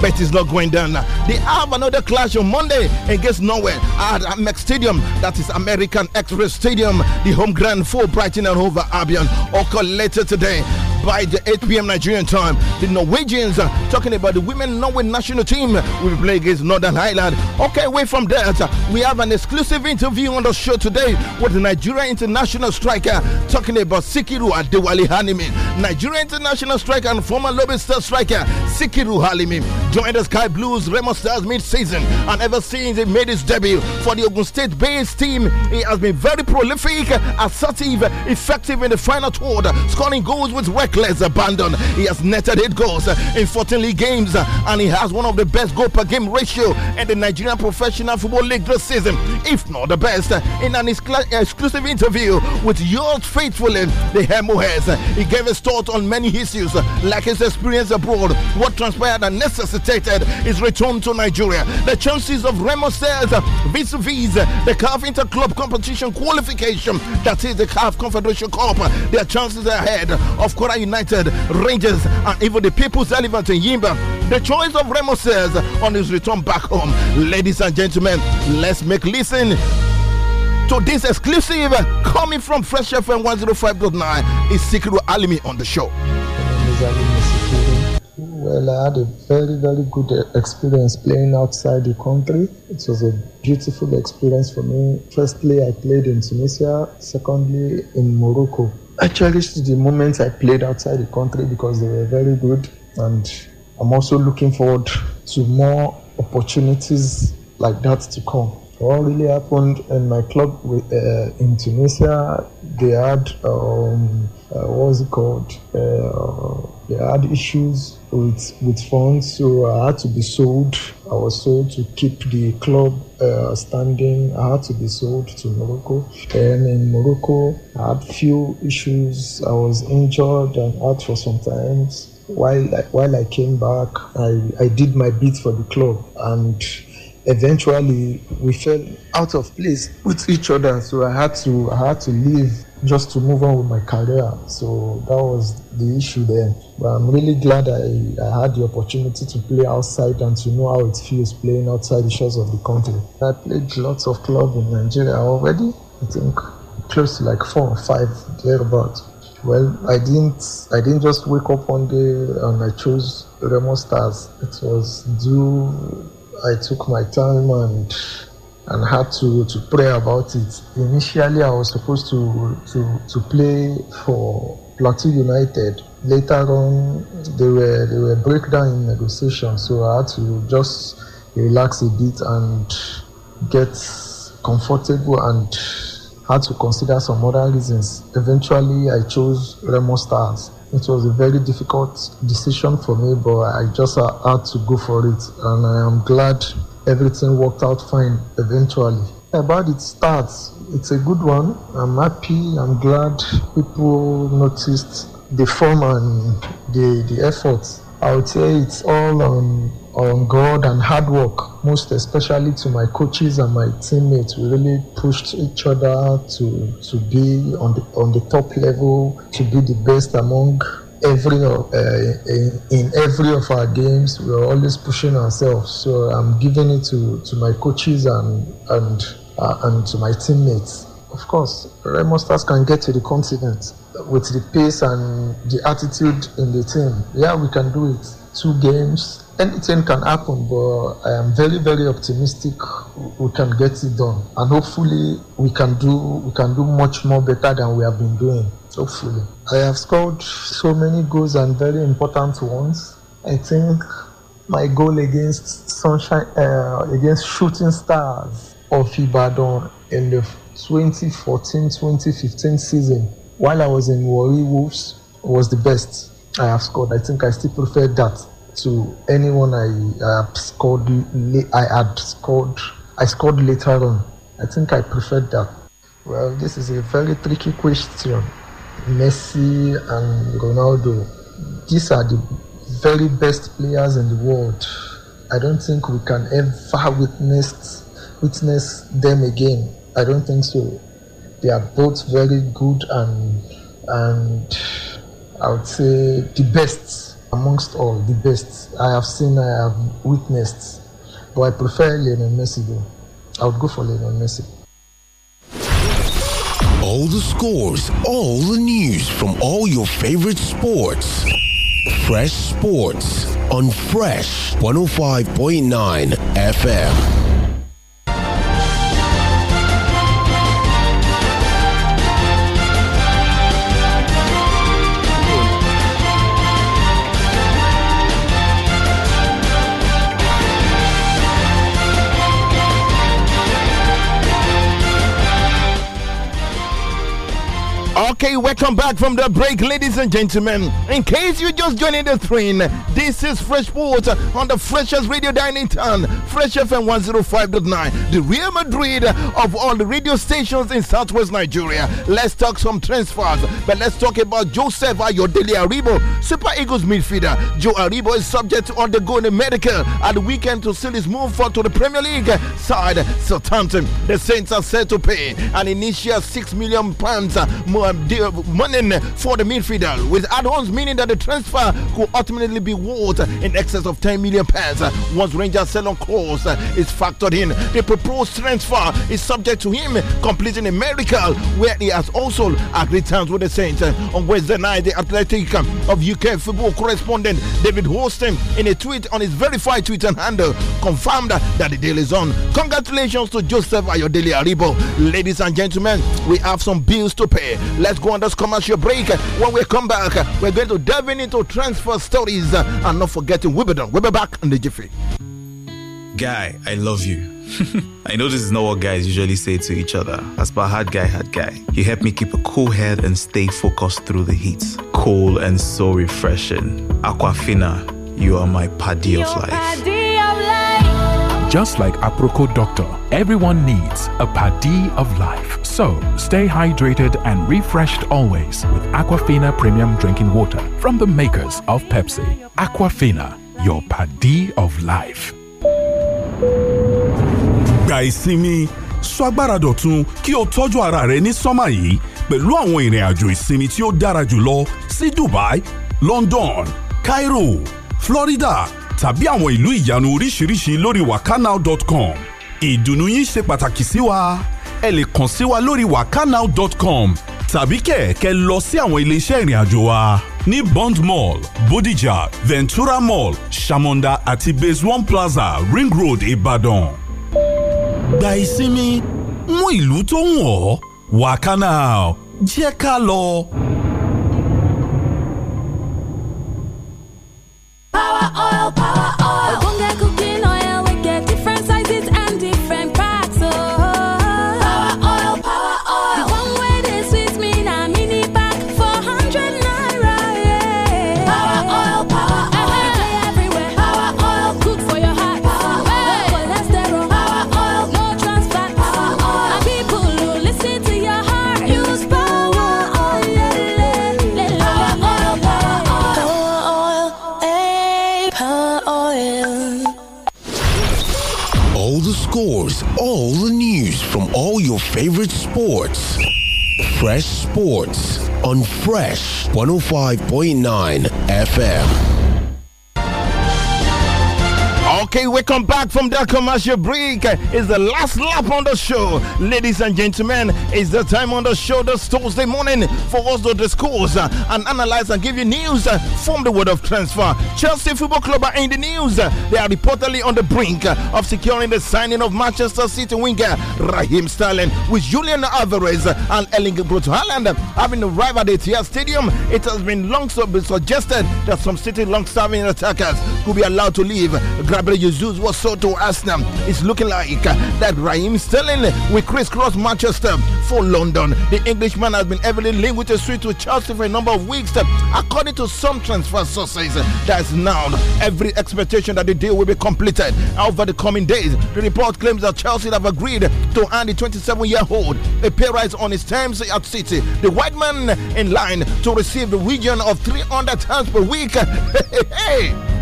but it's not going down. They have another clash on Monday against Norway at Amex Stadium, that is American Express Stadium, the home ground for Brighton and Hove Albion. occur later today by the 8 p.m. Nigerian time. The Norwegians uh, talking about the women Norway national team will play against Northern Ireland. Okay, away from that, uh, we have an exclusive interview on the show today with the Nigeria international striker talking about Sikiru Adewale Hanimi. Nigeria international striker and former Lobster striker Sikiru Halimi joined the Sky Blues Remo Stars mid-season and ever since he made his debut for the Ogun State-based team, he has been very prolific, assertive, effective in the final third, scoring goals with record reckless abandon. He has netted eight goals in 14 league games and he has one of the best goal per game ratio in the Nigerian Professional Football League this season, if not the best. In an exclusive interview with yours faithfully, the Hemo has, he gave his thought on many issues like his experience abroad, what transpired and necessitated his return to Nigeria, the chances of Remo sales vis a vis the CAF Club competition qualification, that is the CAF Confederation Cup, their chances ahead of Korea United, Rangers, and even the People's Elephant in Yimba. The choice of Remo says on his return back home. Ladies and gentlemen, let's make listen to this exclusive coming from Fresh FM 105.9 is Sikiru Alimi on the show. Well, I had a very, very good experience playing outside the country. It was a beautiful experience for me. Firstly, I played in Tunisia. Secondly, in Morocco. I cherished the moments I played outside the country because they were very good, and I'm also looking forward to more opportunities like that to come. What really happened in my club with, uh, in Tunisia, they had um, uh, what's it called? Uh, they had issues with with funds, so I had to be sold. I was sold to keep the club uh, standing. I had to be sold to Morocco, and in Morocco, I had few issues. I was injured and out for some time While I, while I came back, I, I did my bit for the club, and eventually we fell out of place with each other so i had to i had to leave just to move on with my career so that was the issue there but i'm really glad i, I had the opportunity to play outside and to know how it feels playing outside the shores of the country i played lots of clubs in nigeria already i think close to like four or five thereabouts well, I didn't. I didn't just wake up one day and I chose Remo Stars. It was due I took my time and and had to, to pray about it. Initially, I was supposed to, to, to play for Plateau United. Later on, there were, there were breakdown in negotiations, so I had to just relax a bit and get comfortable and had to consider some other reasons. Eventually, I chose Remo Stars. It was a very difficult decision for me, but I just had to go for it, and I am glad everything worked out fine eventually. About its starts, it's a good one. I'm happy, I'm glad people noticed the form and the, the effort. I would say it's all on on God and hard work, most especially to my coaches and my teammates. We really pushed each other to to be on the on the top level, to be the best among every uh, in, in, every of our games. We are always pushing ourselves. So I'm giving it to to my coaches and and uh, and to my teammates. Of course, Red Monsters can get to the continent with the pace and the attitude in the team. Yeah, we can do it. Two games, anything can happen, but I am very, very optimistic we can get it done. And hopefully we can do we can do much more better than we have been doing. Hopefully. I have scored so many goals and very important ones. I think my goal against Sunshine uh, against Shooting Stars of Ibadan in the 2014-2015 season while I was in Warri Wolves was the best I have scored. I think I still prefer that to anyone I, I scored. I had scored. I scored later on. I think I preferred that. Well, this is a very tricky question. Messi and Ronaldo, these are the very best players in the world. I don't think we can ever witness witness them again. I don't think so. They are both very good and and I would say the best amongst all the best I have seen, I have witnessed. But I prefer Lionel Messi though. I would go for Lionel Messi. All the scores, all the news from all your favorite sports. Fresh Sports on Fresh 105.9 FM. Okay, welcome back from the break, ladies and gentlemen. In case you just joining the train, this is Fresh Water on the freshest radio dining town, Fresh FM 105.9, the Real Madrid of all the radio stations in southwest Nigeria. Let's talk some transfers, but let's talk about Joseph Ayodele Aribo, Super Eagles midfielder. Joe Aribo is subject to undergoing a medical at the weekend to seal his move forward to the Premier League side, Southampton. The Saints are set to pay an initial six million pounds more the uh, money uh, for the midfielder with add-ons, meaning that the transfer could ultimately be worth uh, in excess of 10 million pounds once Rangers sell-on course is factored in. The proposed transfer is subject to him completing a miracle where he has also agreed terms with the Saints. On Wednesday night, the Athletic of UK football correspondent David Holstein, in a tweet on his verified Twitter handle confirmed that the deal is on. Congratulations to Joseph Ayodele Aribo. Ladies and gentlemen, we have some bills to pay. Let's go on this commercial break. When we come back, we're going to dive into transfer stories and not forgetting Wimbledon. We'll be back in the jiffy. Guy, I love you. I know this is not what guys usually say to each other. As per hard guy, hard guy, you help me keep a cool head and stay focused through the heat. Cool and so refreshing. Aquafina, you are my paddy of life. Just like Aproco Doctor, everyone needs a Padi of life. So stay hydrated and refreshed always with Aquafina Premium Drinking Water from the makers of Pepsi. Aquafina, your Padi of life. Guys, see me. Swagbara dọ̀tun kí o tọ́jú ara rẹ ní sọ́mà yìí pẹ̀lú àwọn ìrìn àjò ìsinmi tí ó dára lo sí Dubai, London, Cairo, Florida tàbí àwọn ìlú ìyanu oríṣiríṣi lórí wakanow.com ìdùnnú yín ṣe pàtàkì sí wa ẹ lè kàn sí wa lórí wakanow.com tàbí kẹ̀kẹ́ lọ sí àwọn iléeṣẹ́ ìrìn àjò wa ní Bond Mall, Bodija, Ventura Mall, Shamonda àti Base One Plaza, Ring Road, Ìbàdàn. Gba ìsinmi mú ìlú tó ń wọ̀ Wakanow jẹ́ ká lọ. pow, all your favorite sports. Fresh Sports on Fresh 105.9 FM. Okay, welcome back from the commercial break. It's the last lap on the show. Ladies and gentlemen, it's the time on the show this Thursday morning for us to discuss and analyze and give you news from the world of transfer. Chelsea Football Club are in the news. They are reportedly on the brink of securing the signing of Manchester City winger Raheem Sterling with Julian Alvarez and Erling Brut Haaland having arrived at the Etihad Stadium. It has been long so been suggested that some City long-serving attackers could be allowed to leave. Jesus was so to Arsenal. It's looking like uh, that Raheem Sterling uh, will crisscross Manchester for London. The Englishman has been heavily linked with a suit to Chelsea for a number of weeks. Uh, according to some transfer sources, there's now every expectation that the deal will be completed over the coming days. The report claims that Chelsea have agreed to hand the 27-year-old a pay rise on his terms at City. The white man in line to receive the region of 300 tons per week. hey, hey, hey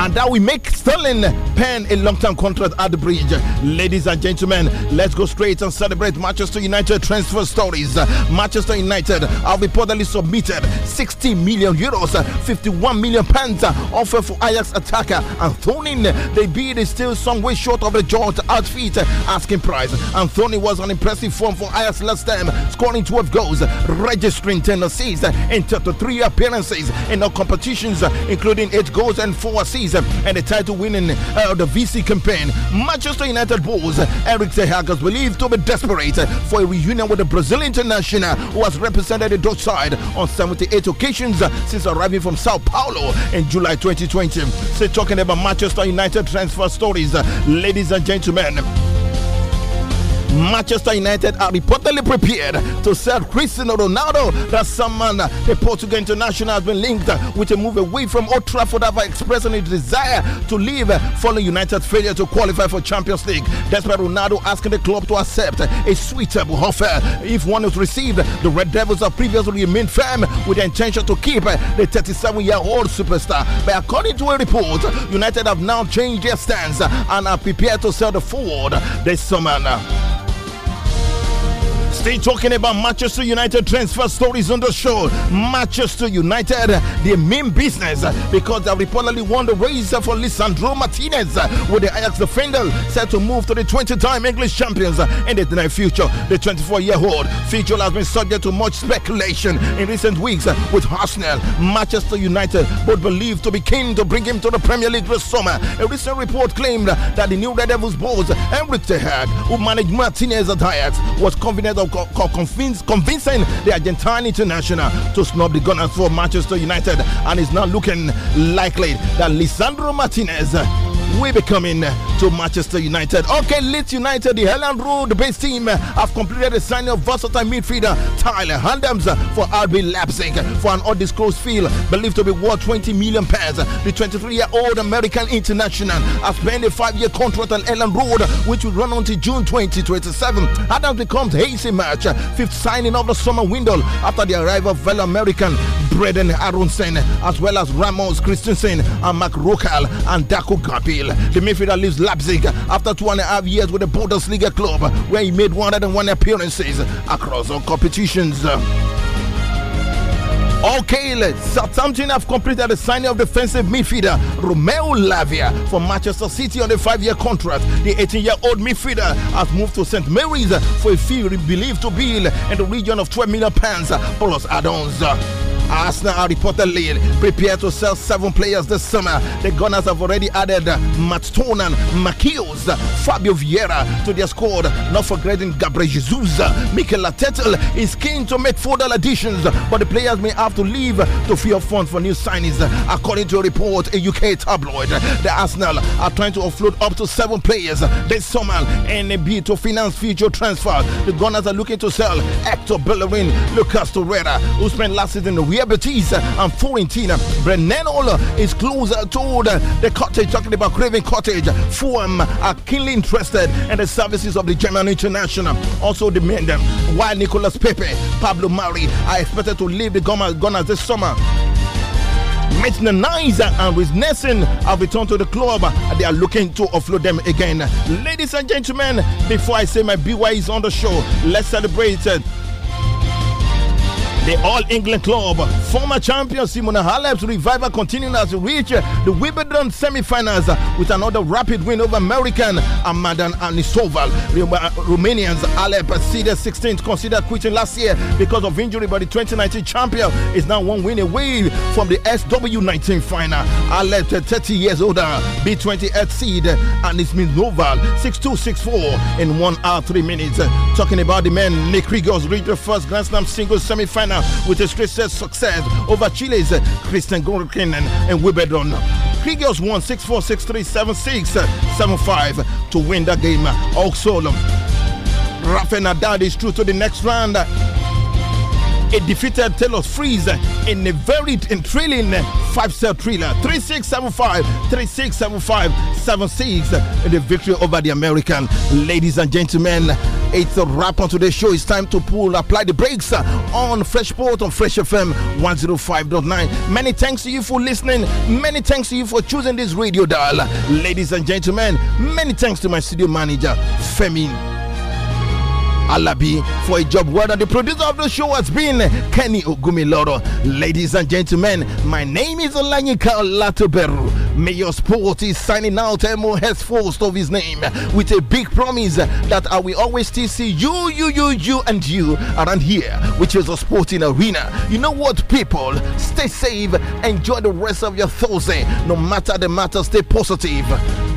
and that will make Sterling pen a long-term contract at the bridge. Ladies and gentlemen, let's go straight and celebrate Manchester United transfer stories. Manchester United have reportedly submitted 60 million euros, 51 million pounds offer for Ajax attacker Anthony. The bid is still some way short of the George outfit asking price. Anthony was an impressive form for Ajax last time, scoring 12 goals, registering 10 assists in 33 appearances in all competitions, including 8 goals and 4 assists and uh, the title winning of the VC campaign. Manchester United boss Eric Ten Hag is believed to be desperate for a reunion with the Brazilian international who has represented the Dutch side on 78 occasions since arriving from Sao Paulo in July 2020. So talking about Manchester United transfer stories, ladies and gentlemen. Manchester United are reportedly prepared to sell Cristiano Ronaldo. That someone, the Portugal international, has been linked with a move away from Old Trafford after expressing a desire to leave following United's failure to qualify for Champions League. Despite Ronaldo asking the club to accept a suitable offer, if one is received, the Red Devils have previously remained firm with the intention to keep the 37-year-old superstar. But according to a report, United have now changed their stance and are prepared to sell the forward this summer. Still talking about Manchester United transfer stories on the show. Manchester United, the main business, because they reportedly won the race for Lisandro Martinez, with the Ajax defender set to move to the 20-time English champions in the near future. The 24-year-old future has been subject to much speculation in recent weeks with Arsenal, Manchester United, both believed to be keen to bring him to the Premier League this summer. A recent report claimed that the new Red Devils boss Henrik Tehag, who managed Martinez at Ajax, was confident of co convince, convincing the Argentine international to snub the Gunners for Manchester United and it's now looking likely that Lisandro Martinez will be coming to Manchester United. Okay, Leeds United, the Helen Road based team, have completed the signing of versatile midfielder Tyler Handams for RB Leipzig for an undisclosed fee believed to be worth 20 million pounds. The 23 year old American international has signed a five year contract on Helen Road, which will run until June 2027. Adams becomes Hazy match, fifth signing of the summer window after the arrival of fellow American Braden Aronson, as well as Ramos Christensen and Mark Rokal and Daku Gabriel. The midfielder leaves Leipzig after two and a half years with the Bundesliga club, where he made 101 appearances across all competitions. Okay, let's. Southampton have completed the signing of defensive midfielder Romeo Lavia from Manchester City on a five year contract. The 18 year old midfielder has moved to St. Mary's for a fee believed to be in the region of 12 million pounds plus add ons. Arsenal are reportedly prepared to sell seven players this summer. The Gunners have already added Matt Tonan, Makios, Fabio Vieira to their squad, not forgetting Gabriel Jesus. Mikel Arteta is keen to make further additions, but the players may have to leave to fill funds for new signings. According to a report, a UK tabloid, the Arsenal are trying to offload up to seven players this summer in a bid to finance future transfers. The Gunners are looking to sell Hector Bellerin, Lucas Torreira, who spent last season in the diabetes and Florentina. Brenanola is closer to the, the cottage, talking about Craven Cottage. Fulham are keenly interested in the services of the German international. Also, demand them While Nicolas Pepe, Pablo Mari are expected to leave the Gunners this summer. Mitchell and Riz Nelson have returned to the club. They are looking to offload them again. Ladies and gentlemen, before I say my BY is on the show, let's celebrate the All England Club, former champion Simona Halep's revival continuing as reach the Wimbledon semi-finals with another rapid win over American Amadan Anisoval. Uh, Romanians Alep seeded 16th, considered quitting last year because of injury, but the 2019 champion is now one win away from the SW19 final. Halep, uh, 30 years older, B28 seed, and it's Minoval 6-2, in 1 hour 3 minutes. Talking about the men, Nick Rigos reached the first Grand Slam singles semi-final Ghana with his recent success over Chile's Christian Gorkin and, and Wibedon. Krigios won 6 4 6 3 7 6 7 5 to win the game. Also, Rafa Nadal is through to the next round. He defeated Taylor Freeze in a very thrilling five-set thriller. three six seven five three six seven five seven six. 3675, The victory over the American. Ladies and gentlemen, it's a wrap on today's show. It's time to pull, apply the brakes on uh, Freshport on Fresh FM 105.9. Many thanks to you for listening. Many thanks to you for choosing this radio dial. Ladies and gentlemen, many thanks to my studio manager, Femi Alabi for a job well done. the producer of the show has been Kenny Ogumiloro. Ladies and gentlemen, my name is Olanyika Latoberu. Mayor Sport is signing out has forced of his name with a big promise that I will always still see you, you, you, you, and you around here, which is a sporting arena. You know what, people? Stay safe, enjoy the rest of your Thursday. No matter the matter, stay positive.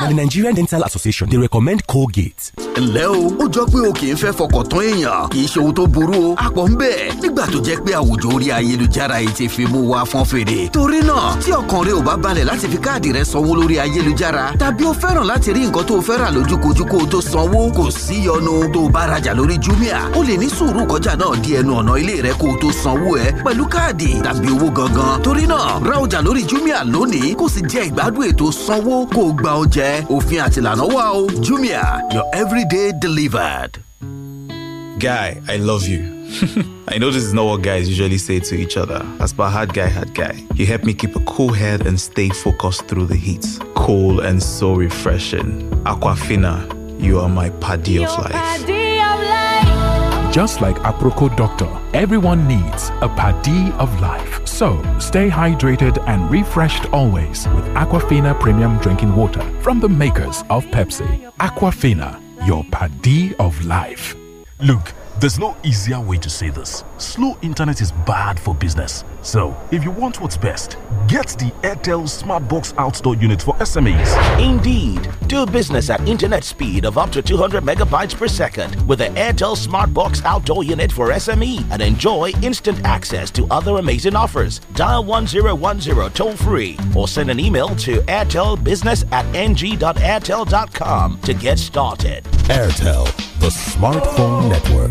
na the Nigerian Dental Association dey recommend Colgate. ǹlẹ́ o ó jọ pé o kì í fẹ́ fọkàn tán èèyàn kì í ṣe ohun tó burú o àpọ̀ ń bẹ̀ nígbà tó jẹ́ pé àwùjọ orí ayélujára yìí ti fi mú wa fọ́n fèrè torí náà tí ọkàn rẹ ò bá balẹ̀ láti fi káàdì rẹ sanwó lórí ayélujára tàbí o fẹ́ràn láti rí nǹkan tó o fẹ́ rà lójúkojú kó o tó sanwó kò sí yọnu tó o bá rajà lórí Jumia o lè ní sùúrù kọjá náà di ẹnu ọ̀nà ilé rẹ kó o tó sanwó ẹ pẹ̀lú káàdì tàbí owó gangan torí náà ra ọjà lórí Jumia lónìí kó sì jẹ ìgbádùn ètò sanwó kó o gba ọjà òfin àti wà o jumia your everyday delivered. guy i love you. I know this is not what guys usually say to each other. As per hard guy, hard guy, you help me keep a cool head and stay focused through the heat. Cool and so refreshing. Aquafina, you are my paddy of life. Just like Aproco Doctor, everyone needs a Padi of life. So stay hydrated and refreshed always with Aquafina Premium Drinking Water from the makers of Pepsi. Aquafina, your Padi of life. Look, there's no easier way to say this slow internet is bad for business. So, if you want what's best, get the Airtel Smartbox outdoor unit for SMEs. Indeed, do business at internet speed of up to 200 megabytes per second with the Airtel Smartbox outdoor unit for SME and enjoy instant access to other amazing offers. Dial 1010 toll free or send an email to airtelbusiness at ng.airtel.com to get started. Airtel, the smartphone network.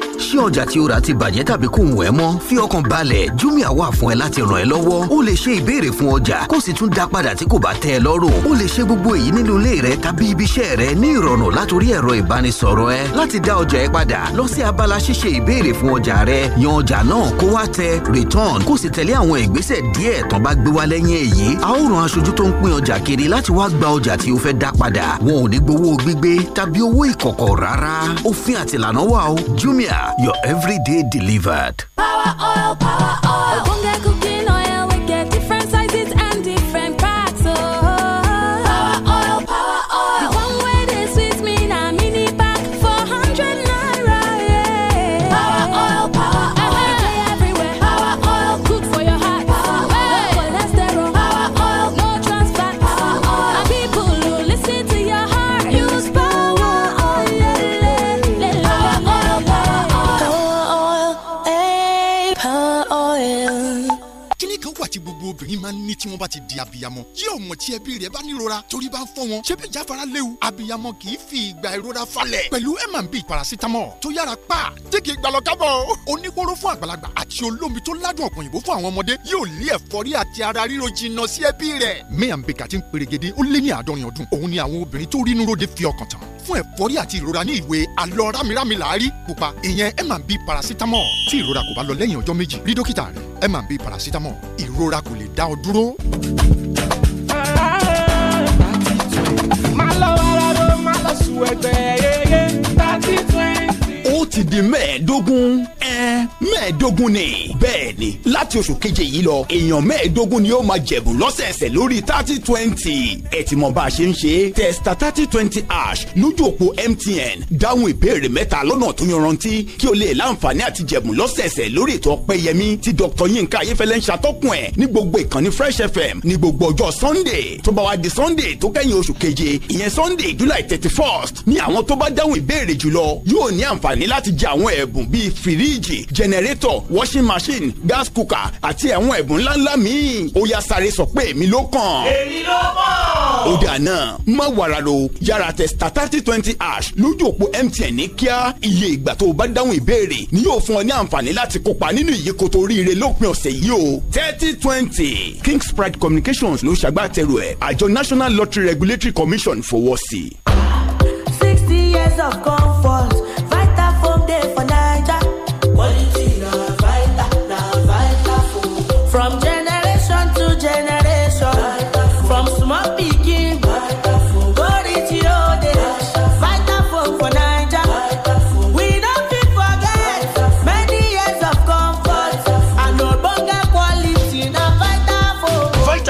ṣé ọjà tí o rà ti bàjẹ́ tàbí kò wọ̀ ẹ́ mọ́ fi ọkàn balẹ̀ jumia wà fún ẹ láti ràn ẹ́ lọ́wọ́ o lè ṣe ìbéèrè fún ọjà kó sì tún dá padà tí kò bá tẹ́ ẹ lọ́rùn o lè ṣe gbogbo èyí nínú ilé rẹ tàbí ibi iṣẹ́ rẹ ní ìrọ̀rùn látòrí ẹ̀rọ ìbánisọ̀rọ̀ ẹ láti dá ọjà ẹ padà lọ sí abala ṣíṣe ìbéèrè fún ọjà rẹ yan ọjà náà kó wá tẹ return kó sì tẹ̀lé àwọn ìgbésẹ̀ díẹ̀ tán bá gbé wá a ó ràn aṣojú tó ń pín ọjà kiri láti wá gba ọjà tí o fẹ́ dá padà wọn ò ní jumia your everyday delivered. Power oil, power oil. ní tí wọ́n bá ti di abiyamọ yí ọmọ tí ẹbí rẹ̀ bá nírora torí bá ń fọ́ wọn ṣé bí jáfara léwu abiyamọ kì í fi ìgbà ìrora falẹ̀ pẹ̀lú M&B paracetamol tó yára pa díkì ìgbàlọ́kábọ̀ oníkóró fún àgbàlagbà àti olómi tó ládùn ọ̀pọ̀ òyìnbó fún àwọn ọmọdé yóò lé ẹ̀fọ́rí àti ara ríro jìnnà sí ẹbí rẹ̀. M&B kàti ń perégedé ó lé ní àádọ́rin ọdún òun ni àwọn obìnrin tó rí inú fi ọkàn tán fún ẹ̀fọ́rí àti ìrora ní ìwé alọ́ rámírámí làárí pupa ìyẹn M&B paracetamol tí ìrora kò bá lọ lẹ́yìn ọjọ́ méjì rí dókítà rẹ̀ M&B paracetamol ìrora kò lè dá ọ dúró. máa lọ wàrà ló máa lọ sùn ẹgbẹ́ yẹ́yẹ́ thirty twenty. ó ti di mẹ́ẹ̀ẹ́dógún mẹ́ẹ̀ẹ́dógún ni bẹ́ẹ̀ ni láti oṣù keje yìí lọ èèyàn mẹ́ẹ̀ẹ́dógún ni ó máa jẹ̀bù lọ́sẹ̀ẹsẹ̀ lórí thirty twenty ẹ ti mọ̀ bá a ṣe ń ṣe testa thirty twenty ash lójú òpó MTN dáhùn ìbéèrè mẹ́ta lọ́nà tó yanrantí kí o lè láǹfààní àti jẹ̀bù lọ́sẹ̀ẹsẹ̀ lórí ètò ọpẹ́yẹmí tí Dr. Yinka Ayéfẹ́lẹ́ ń ṣàtọ́kùn ẹ̀ ní gbogbo ìkànnì Fresh FM ní gbogbo ọjọ́ Sunday tó bá wá di Sunday tó kẹ́yìn oṣù keje ìyẹn Sunday July thirty first ni àwọn tó bá dáhùn ìbéèrè jùlọ yóò ní àǹfààní láti jẹ àwọn ẹ̀bùn bíi fìríj fíríjì jẹnẹrétọ̀ washing machine gas cooker àti àwọn ẹ̀bùn ńláńlá míì ó yá sáré sọ pé èmi ló kàn. èmi ló kàn. ó dà náà má wàrà lo yàrá tẹ star thirty twenty ash lójú òpó mtn ní kíá iye ìgbà tó o bá dáhùn ìbéèrè ni yóò fún ọ ní àǹfààní láti kópa nínú ìyíkoto oríire lópin ọ̀sẹ̀ yìí o thirty twenty kings pride communications ló ṣàgbàtẹrù ẹ̀ àjọ national lottery regulatory commission fowọ́ sí. sixty years of comfort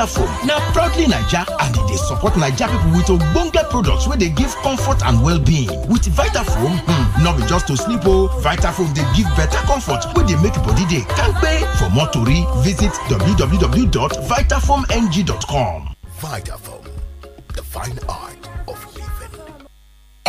vitafoam na proudly naija and they support naija people with ogbonge products where they give comfort and well-being with vitafoam hmm, no be just to sleep oh. vitafoam they give better comfort where they make body day. Can't kampe for more tori visit www.vitafoamng.com vitafoam the fine art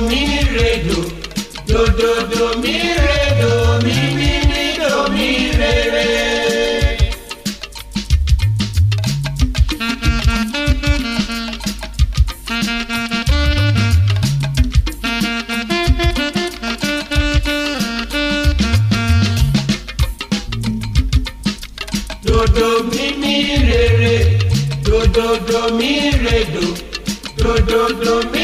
mi do do mi do, mi mi mi dò mi rere. do mi mi rere do, do do do mi.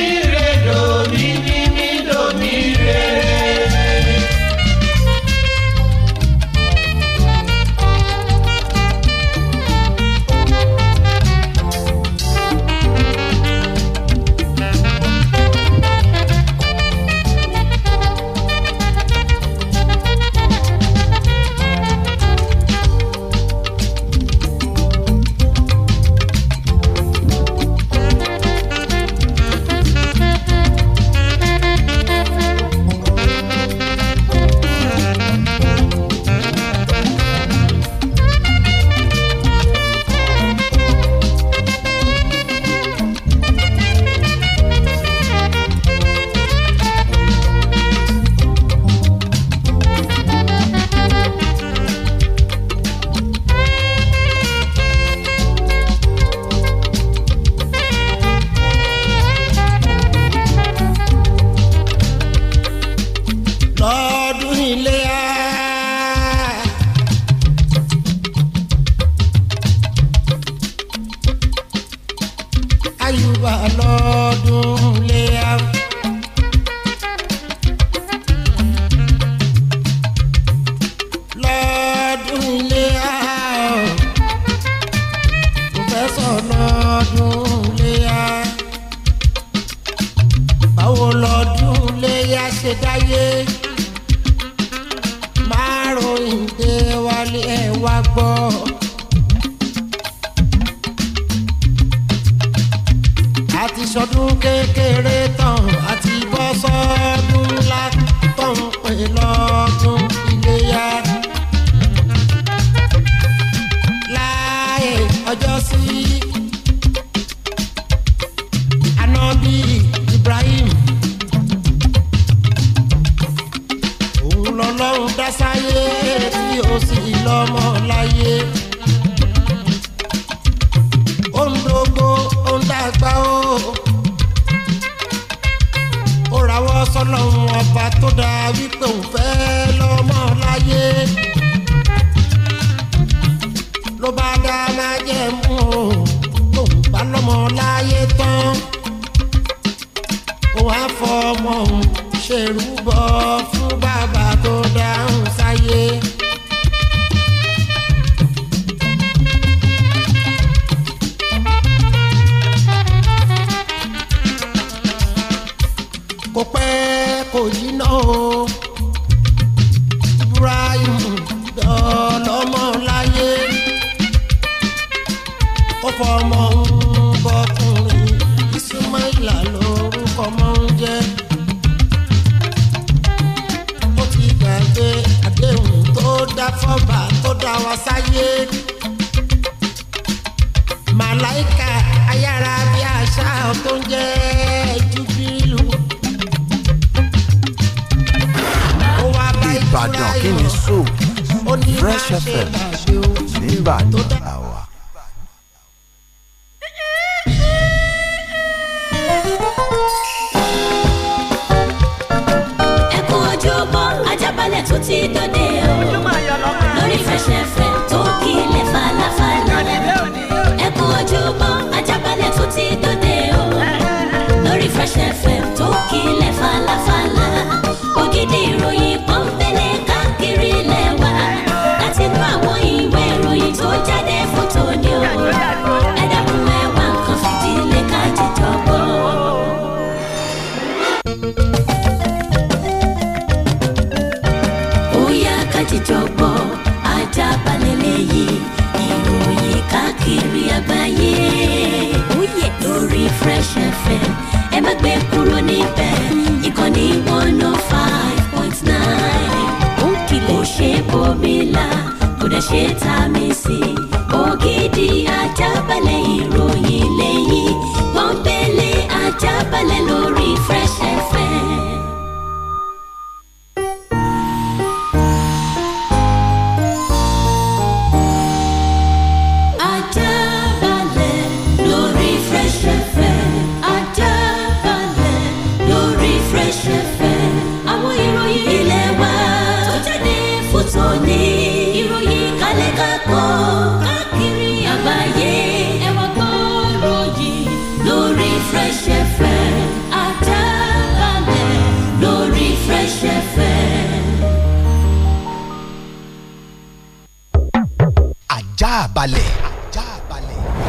ajá balẹ̀.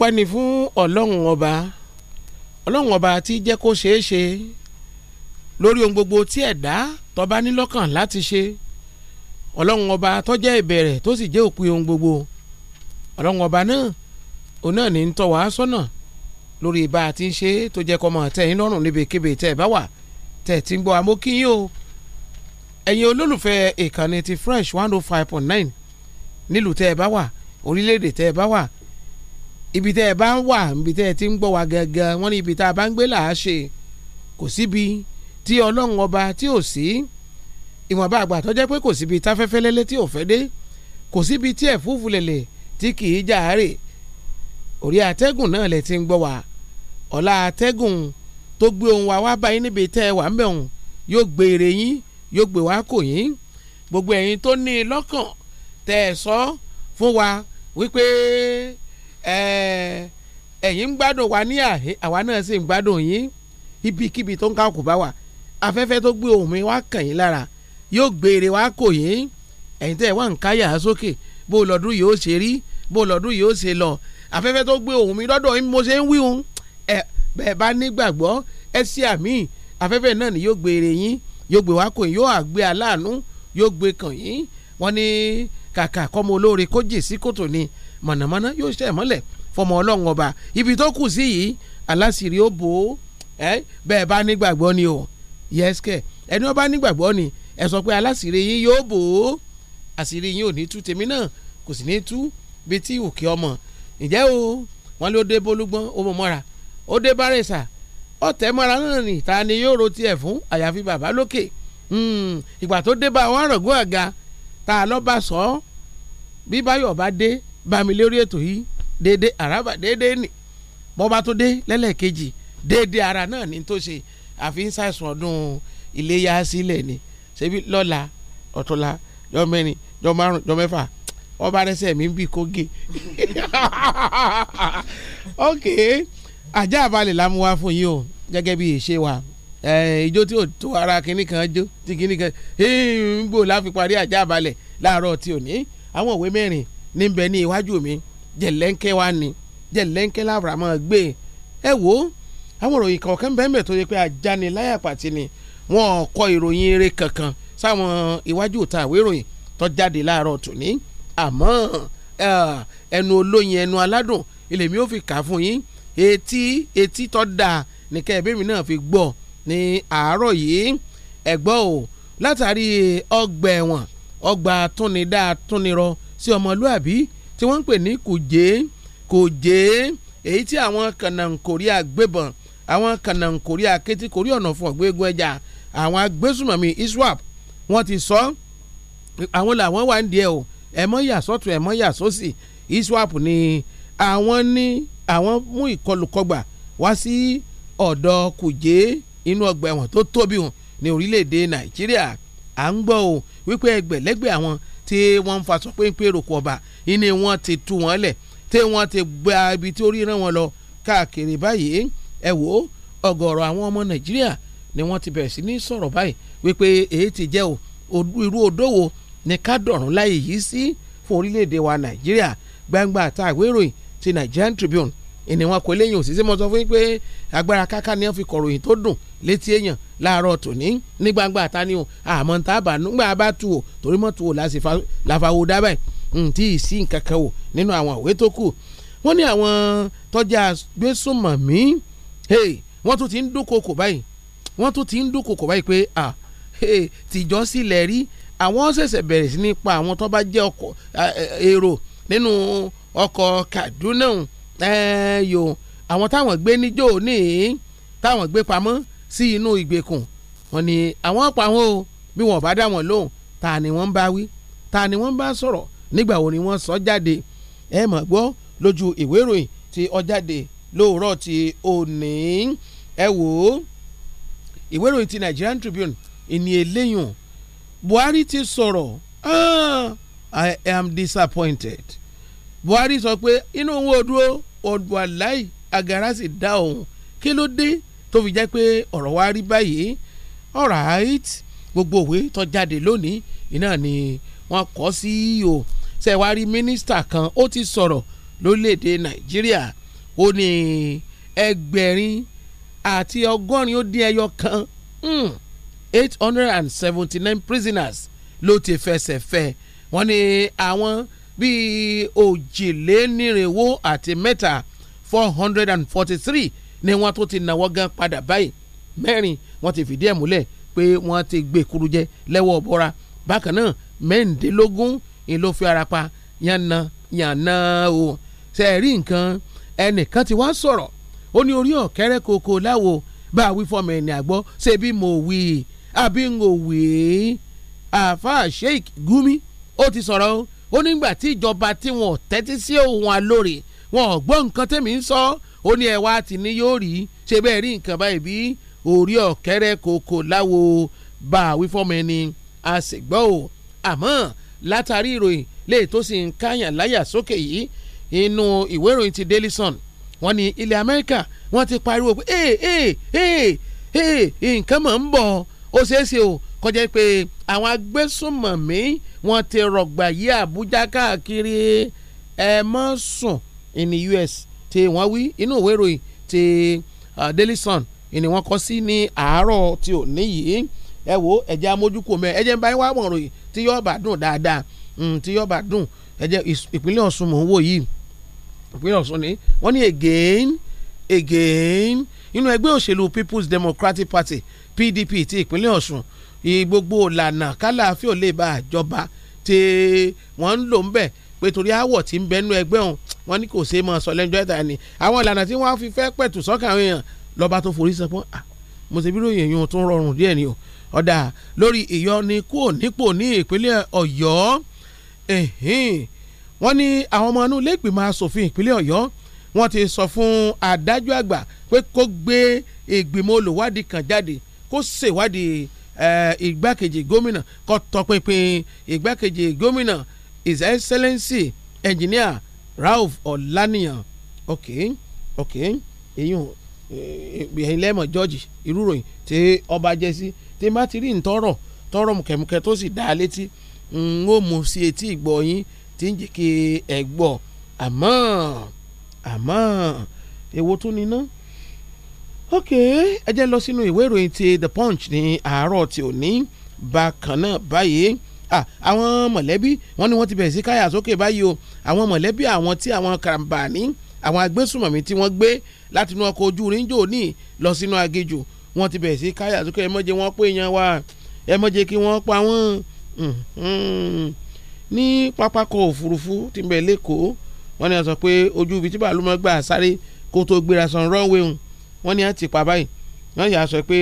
ọpẹ́ ni fún ọlọ́run ọba ọlọ́run ọba tí jẹ́ kó ṣeé ṣe lórí ohun gbogbo tí ẹ̀dá tó bá ní lọ́kàn láti ṣe ọlọ́run ọba tó jẹ́ ìbẹ̀rẹ̀ tó sì jẹ́ òpin ohun gbogbo ọlọ́run ọba náà òun náà ní ń tọ́ wàá sọ́nà lórí bá a ti ń ṣe tó jẹ́ kọ́mọ tẹ̀yìn lọ́rùn níbikíbi tẹ̀ bá wà tẹ̀ tí ń gbọ́ amókíyìn o ẹ̀yin olólùfẹ́ ìkànnì ti fresh one oh five point nine nílùú tẹ́ ẹ bá wà orílẹ̀-èdè tẹ́ bá wà ibi tẹ́ ẹ bá ń wà ibi tẹ́ ẹ ti ń gbọ́ wa gangan wọ́n ní ibi tá a bá ń gbé là á ṣe kò síbi tí ọlọ́run ọba tí ò sí ìwọ̀nba àgbà tó jẹ́ pé kò síbi táfẹ́fẹ́ lẹ́lẹ́ tí ò fẹ́ dé kò síbi tí ẹ̀fúùfù lẹ̀lẹ̀ tí kì í jàárè orí atẹ́gùn náà lẹ ti ń gbọ́ wa ọ̀la atẹ́gùn tó gbé ohun wa wá báyìí níbi tẹ́ ẹ wà ń bẹ̀hùn yóò gbé èrè yín yóò gbé wá kò yín gbogbo ẹ̀yin tó ní lọ́kàn tẹ́ ẹ sọ fún wa wípé ẹ̀yin ń gbádùn wa ní àhẹ́ àwa náà sì ń gbádùn yín ibikíbi tó ń ká kù bá wà afẹ́fẹ́ tó gbé ohùn mi wá kàn yín lára yóò gbére wá kò yín ẹ̀yin tẹ́ ẹ̀ wá ń káyà sókè bó lọ́dún yìí ṣe rí bó lọ́dún ṣe lọ afẹ́fẹ́ tó gbé mi lọ́dọ̀ mo ṣe ń wíhun ẹ bẹ́ẹ̀ bá nígbàgbọ́ ẹ sí àmì afẹ́fẹ́ náà ni yóò gbére yín yóò gbé wá kò yín yóò àgbé aláàánú yóò gbé kàn yín wọ́n ní kàkà kọ́mọ olóore kó ni mọ̀nàmọ́ná yóò ṣe ìmọ́lẹ̀ fọmọ ọlọ́run ọba ibi tó kù sí yìí aláṣìírí ó bò ó bẹ́ẹ̀ bá nígbàgbọ́ ni o yẹ́sìkẹ̀ ẹni ó bá nígbàgbọ́ ni ẹ sọ pé aláṣìírí yín yóò bò ó àṣírí yín ò ní tú tèmi náà kò sì ní tú bí tí òkè ọmọ ǹjẹ́ o wọ́n ló dé bólúgbọ́n ó mọ̀ mọ́ra ó dé bárẹ̀sà ọ̀tẹ̀ mọ́ra náà nì ta ni yóò ro tiẹ̀ fún àyàfi bàbá lókè hmm, ìgbà tó dé bá wọn àrògùn àga tá lọ́ bá sọ bí báyọ̀ bá dé bá mi lórí ètò yìí dédé àràbà dédé nì bọ́ba tó dé lẹ́lẹ́kejì dédé ara náà ní tó ṣe àfi ń ṣàìsùn ọdún iléyà sílẹ̀ ni ṣebí lọ́la ọ̀túnla jọ mẹ́rin jọ márùn jọ mẹ́fà wọ́n bá rẹ́sẹ̀ mi ń bì kó gé ok ajá àbálẹ̀ la mú wá fún yín o gẹ́gẹ́ bí ìṣe wa ìjó tí ò tó ara kínní kan jó tí kínní kan ń gbò láfi parí ajá àbálẹ̀ láàárọ̀ tí ò ní àwọn òwe mẹ́rin níbẹ̀ ní iwájú mi jẹ̀lẹ́ńkẹ́ wa ni jẹ̀lẹ́ńkẹ́ lábàrá máa gbé ẹ wò ó àwọn ìròyìn kọ̀ọ̀kan bẹ́ẹ̀ mẹ́ tó yẹ pé ajániláyà pàtì ni wọn ò kọ ìròyìn eré kankan sáwọn iwájú òta àwé ìròyìn tó jáde láàárọ̀ tòní àmọ́ ẹnu olóyin ẹnu aládùn ilé mi ò fi kà fún yín etí etí tó dáa nìkẹ́ ẹ̀bí mi náà fi gbọ́ ní àárọ̀ yìí ẹ̀gbọ́n o látàrí ọgbà ẹ̀wọ̀n ọgbà túnidá túnirọ́ sí ọmọlúàbí tí wọ́n ń pè ní kùjé kùjé èyí tí àwọn kànáńkórí àgbébọn àwọn kànáńkórí akétíkórí ọ̀nà fún ọ̀gbẹ́gun ẹja àwọn agbésùmọ̀mí iswap wọ́n ti sọ àwọn làwọn wà ń diẹ o ẹ̀mọ́ yà sọ́tún ẹ̀mọ́ yà sósì iswap ni àwọn ní àwọn mú ìkọlùkọgbà wá sí ọ̀dọ̀ kùjé inú ọgbà ẹ̀wọ̀n tó tóbi hàn ní orílẹ̀-èdè nàìjíríà à ń gbọ́ o wípé ẹgbẹ̀lẹ́gbẹ̀ àwọn tí wọ́n ń faṣọ pé ń pè ròkò ọba ìní wọ́n ti tú wọn lẹ̀ tí wọ́n ti gba ibi tí ó rí rán wọn lọ káàkiri báyìí ẹ wò ó ọ̀gọ̀ọ̀rọ̀ àwọn ọmọ Nàìjíríà ni wọ́n ti bẹ̀rẹ̀ sí ní sọ̀rọ̀ báyìí wípé èyí ti jẹ́ o irú odòwò ni ká dọ̀rùn láyè yìí sí fún orílẹ̀-èdè wa Nàìjíríà gbangba àtàwéròyìn ti Nigerian Tribune ìní wọn kò léyìn òsì sí mo sọ fún yín pé agbára káká ni wọn fi kọ̀ròyìn tó dùn létí èèyàn láàárọ̀ tòní ní gbangba àtàní o àmọ́ ń tábà nígbà bá tu o torí mọ́ tu o láfàwọ́ dábàá ntí ìsí nǹkan kan o nínú àwọn òwe tó kù wọ́n ní àwọn tọ́jà gbésùmọ̀mí wọ́n tún ti ń dúnkokò báyìí wọ́n tún ti ń dúnkokò báyìí pé tìjọ́ sílẹ̀ rí àwọn ṣẹ̀ṣẹ̀ bẹ̀rẹ̀ sí ní pa àwọn tó bá jẹ́ ọkọ̀ èrò nínú ọkọ̀ Kaduna yòó àwọn táwọn gbé níjó ní táwọn gbé pamọ́ sí inú ìgbèkùn wọn ni àwọn pa wọn o bí wọn bá dá wọn lóhùn ta ni wọ́n bá wí ta ni wọ́n bá sọ̀rọ̀ nígbà wo ni wọ́n sọ jáde ẹ mọ̀ gbọ́ lójú ìwé ìròyìn tí ó jáde lóòrọ̀ tí òní ẹ wò ó ìwé ìròyìn ti Nigerian Tribune ìní eléyùn Buhari ti sọ̀rọ̀ ah, I am disappointed Buhari sọ pé inú òun ò dúró ọdúnwàláì agara sì dá òun kí ló dé tó fi jẹ́ pé ọ̀rọ̀ wa rí báyìí alright gbogbo òwe tó jáde lónìí iná ni wọ́n kọ sí o ṣẹ̀wárí mínísítà kan ó ti sọ̀rọ̀ lórílẹ̀‐èdè nàìjíríà ó ní ẹgbẹ̀rin àti ọgọ́rin ó dín ẹyọ kan hmm. eight hundred and seventy nine prisoners ló ti fẹsẹ̀ fẹ́ wọ́n ní àwọn bíi òjìlénírínwó àti mẹ́ta four hundred and forty three ni wọ́n tó ti náwó gan padà báyìí mẹ́rin wọ́n ti fìdí ẹ̀ múlẹ̀ pé wọ́n ti gbé kuru jẹ lẹ́wọ́ bọ́ra bákan náà mẹ́ǹdínlógún ni ló fi ara pa yànnà yànnà o ṣe é rí nǹkan ẹnìkan ti wá sọ̀rọ̀ ó ní orí ọ̀kẹ́rẹ́ koko láwo bá a wí fọmọ ẹni àgbọ́ ṣe bí mo wí àbí n wí àáfàá Sheikh Gumi ó ti sọ̀rọ̀ o ó nígbà tí ìjọba tí wọn ò tẹ́tí sí òun àlórí wọn ò gbọ́ nǹkan tẹ̀mí ń sọ ó ní ẹ̀wá àti ní yóò rí ṣe bẹ́ẹ̀ rí nǹkan báyìí bí orí ọ̀kẹ́rẹ́ kòkò láwo bá a wí fọ́mọ ẹni a sì gbọ́ o àmọ́ látàrí ìròyìn léè tó sì ń káyàn láyà sókè yìí inú ìwé ìròyìn ti Daily Sun wọ́n ní ilẹ̀ Amẹ́ríkà wọ́n ti pariwo pé ee ee ee ee nǹkan mọ̀ ń bọ̀ ó ṣeé ṣe o kọjá pé àwọn agbésùnmọ̀mí wọ́n ti rọ̀gbà yí Àbújá káàkiri ẹ mọ́ sùn in the US tí wọ́n wí inú ìwé ìròyìn ti uh, Daily Sun ni wọ́n kọ sí ní àárọ̀ tí ò níyìí ẹ wo ẹ̀jẹ̀ amójúkò mẹ́ ẹ̀jẹ̀ ń bá wá wọ̀n ròyìn tí yóò bá dùn dáadáa mm, tí yóò bá dùn ẹ̀jẹ̀ ìpínlẹ̀ Ọ̀ṣun mò ń wò yìí ìpínlẹ̀ Ọ̀ṣun ni wọ́n ní again again inú ẹgbẹ́ òṣèlú People's Democratic Party PDP ti ìpínlẹ̀ Ọ̀ṣun gbogbo ìlànà kálàáfíà ò lè bá àjọba tí wọ́n ń lò ń bẹ̀ pé torí àwọ̀ tí ń bẹnu ẹgbẹ́ òun wọ́n ní kò ṣeé mọ̀ sọ lẹ́jọ́ ẹ̀ta ni àwọn ìlànà tí wọ́n fi fẹ́ pẹ̀tù sọ́kàn àwọn èèyàn lọ́ba tó forí sọ fún mo ṣe bí ròyìn yìí tún rọrùn díẹ̀ ni o ọ̀dà lórí ìyọnikúò nípò ní ìpínlẹ̀ ọ̀yọ́ wọ́n ní àwọn ọmọ inú ilé ìgbìmọ̀ asòfin ìpínlẹ̀ ọ̀yọ́ wọ́n ti sọ fún adájọ́ àgbà pé kó gbé ìgbìmọ̀ olùwádìí kan jáde kó ṣèwádìí igbákejì gómìnà kó tọpinpin igbákejì gómìnà his excellency engineer Ralph Ọláníyàn ok ok eyín ẹ̀yin e, lẹ́mọ̀ George irú ròyìn tí ọba jẹ́ sí tí má ti rí ntọ́rọ̀ tọ́rọ̀ mùkẹ́mùkẹ́ tó sì dá a létí n ó mú sí etí ìgbọ́ yín tí ń jẹ́ kí àmọ́ àmọ́ èwo tún ni náà ok ẹ jẹ́ lọ sínú ìwé ìròyìn ti the punch ní àárọ̀ tí ò ní bákan náà báyìí àwọn mọ̀lẹ́bí wọn ni wọ́n ti bẹ̀rẹ̀ sí káyà sókè báyìí o àwọn mọ̀lẹ́bí àwọn tí àwọn karambani àwọn agbésùmọ̀mí tí wọ́n gbé láti inú ọkọ̀ ojú ríńjò ní lọ sínú agéjò wọ́n ti bẹ̀rẹ̀ sí káyà sókè ẹ má jẹ́ wọ́n pé èèyàn wa ẹ má jẹ́ kí wọ́n pa wọ́n ní pápákọ̀ òfurufú tí ń bẹ lẹ́kọ̀ọ́ wọ́n ní a sọ pé ojú ibi tí bàálù mọ́ gbà sáré kó tó gbéra san runway hùn wọ́n ní à ń ti pa báyìí wọ́n yà sọ pé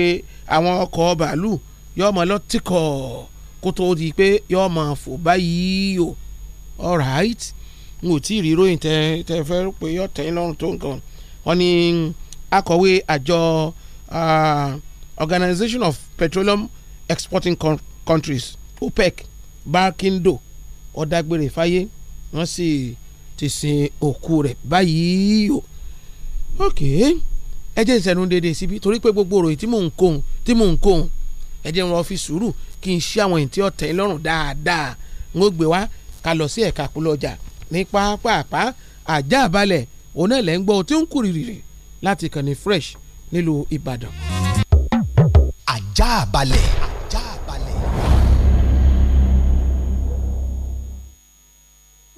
àwọn ọkọ̀ bàálù yóò mọ lọ́tìkọ̀ kó tó di pé yóò mọ fò báyìí o alright n ò tí ì rí ròyìn tẹ tẹ fẹ́ pé yóò tẹ̀yìn lọ́rùn tó nǹkan wọ́n ní akọ̀wé àjọ Organization of Petroleum Exporting Countries OPEC Barkindo ọ̀dàgbére fáyé wọ́n sì ti sin òkú rẹ̀ báyìí o. Okay ẹ jẹ́ ìṣẹ́nu déédéé síbi torí pé gbogbo òròyìn tí mò ń kóhun tí mò ń kóhun ẹ jẹ́ ń rọ fi sùúrù kí n ṣí àwọn èyí tí ọ̀tẹ̀ lọ́rùn dáadáa ń gbé wá ká lọ sí ẹ̀ka àpòlọ ọjà ní pápápá àjà àbálẹ̀ òun náà lẹ́ ń gbọ́ tí ó ń kú rìrì láti kàn ní fresh nílùú Ìbàdàn. àjà àbálẹ̀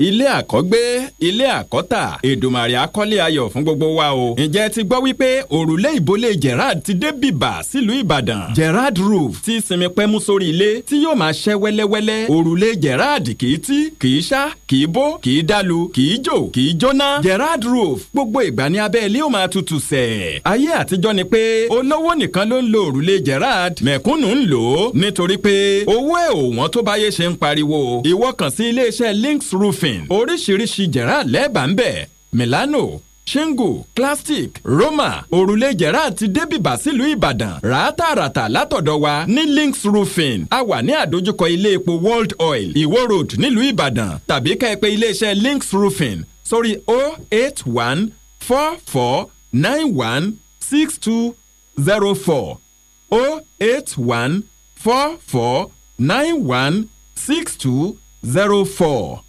ilé àkọ́gbé ilé àkọ́tà Èdùmàrè akọ́lé ayọ̀ fún gbogbo wa o. ǹjẹ́ ti gbọ́ wípé òrùlé ìbólé Gerard ti dé bìbà sílùú Ìbàdàn Gerard roof ti sinmi pẹ́mú sórí ilé tí yóò máa ṣẹ́ wẹ́lẹ́wẹ́lẹ́ òrùlé Gerard kì í tí kì í ṣá kì í bó kì í dalu kì í jò kì í jóná Gerard roof gbogbo ìgbà ní abẹ́ ilé ó máa tutù sẹ̀. ayé àtijọ́ ni pé olówó nìkan ló ń lo òrùlé Gerard mẹ̀kúnnù ń lò ó nítorí pé owó ẹ̀ òwọ́n tó báyé ṣe ń pariwo Links Roofing Wine oríṣiríṣi jẹ̀rá lẹ́ẹ̀bà ń bẹ̀ Milano shingle plastic roma òrùlé jẹ̀rá àti débìbà sílùú ìbàdàn ràátàràtà látọ̀dọ̀ wa ní links roofing a wà ní àdójúkọ ilé world oil ìwó road nílùú ìbàdàn tàbí ká ẹ pè iléeṣẹ́ links roofing sórí 08144916204 08144916204.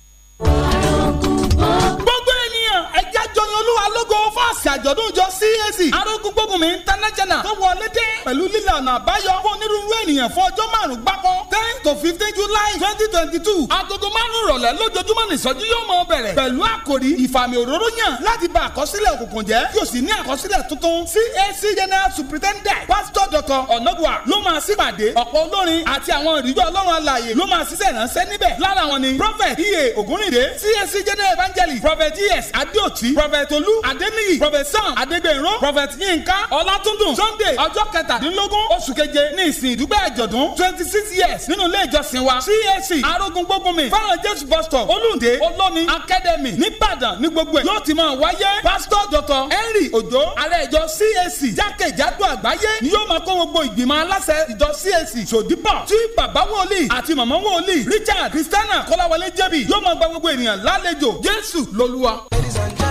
àjọ̀dún ìjọ CAC arógún gbógunmi international tó wọlé dé pẹ̀lú lílànà àbáyọ fún onírúurú ènìyàn fún ọjọ́ márùn-ún gbáko ten to fifteen july twenty twenty two agogo márùn-ún rọ̀lẹ́ lójoojúmọ́ nìsọjí yóò mọ bẹ̀rẹ̀ pẹ̀lú àkòrí ìfàmì òróró yàn láti bà àkọsílẹ̀ òkùnkùn jẹ́ yóò sì ní àkọsílẹ̀ tuntun CAC general superintendent pastor dr ọ̀nàbùà ló máa sípàdé ọ̀pọ̀ olórin àti àwọn ìrìjọ́ ọlọ́run alààyè ló máa ṣiṣẹ́ ìránṣẹ́ níbẹ̀ lára wọn ni prophet iye ògúnrìndé CAC general evangelist prophet ds e adeoti prophet olú adeniyi prophet sam adégbènró prophet yinka ọlátúndùn sunday ọjọ́ kẹtàdínlógún oṣù keje ní ìsìn ìdúgbò àjọ̀dún twenty six years nínú ilé ìjọsìn wa cac arógun gbógunmi fáwọn jésù bus stop olùdé olóni academy nìbàdàn ní gbogbo ẹ̀ yóò ti máa wáyé pásítọ̀ dr henry ojo ààrẹ ìjọ cac jákèjádò àgbáyé ni yóò máa kó gbogbo ìgbìmọ̀ aláṣẹ ìjọ cac sòdípọ̀ tí bàbá wòlíì àti màmá wòlíì richard christiana kọ́láwọlé jẹ́bi yóò máa gba gbogbo ènìyàn lálejò jésù lolúwa. ladies and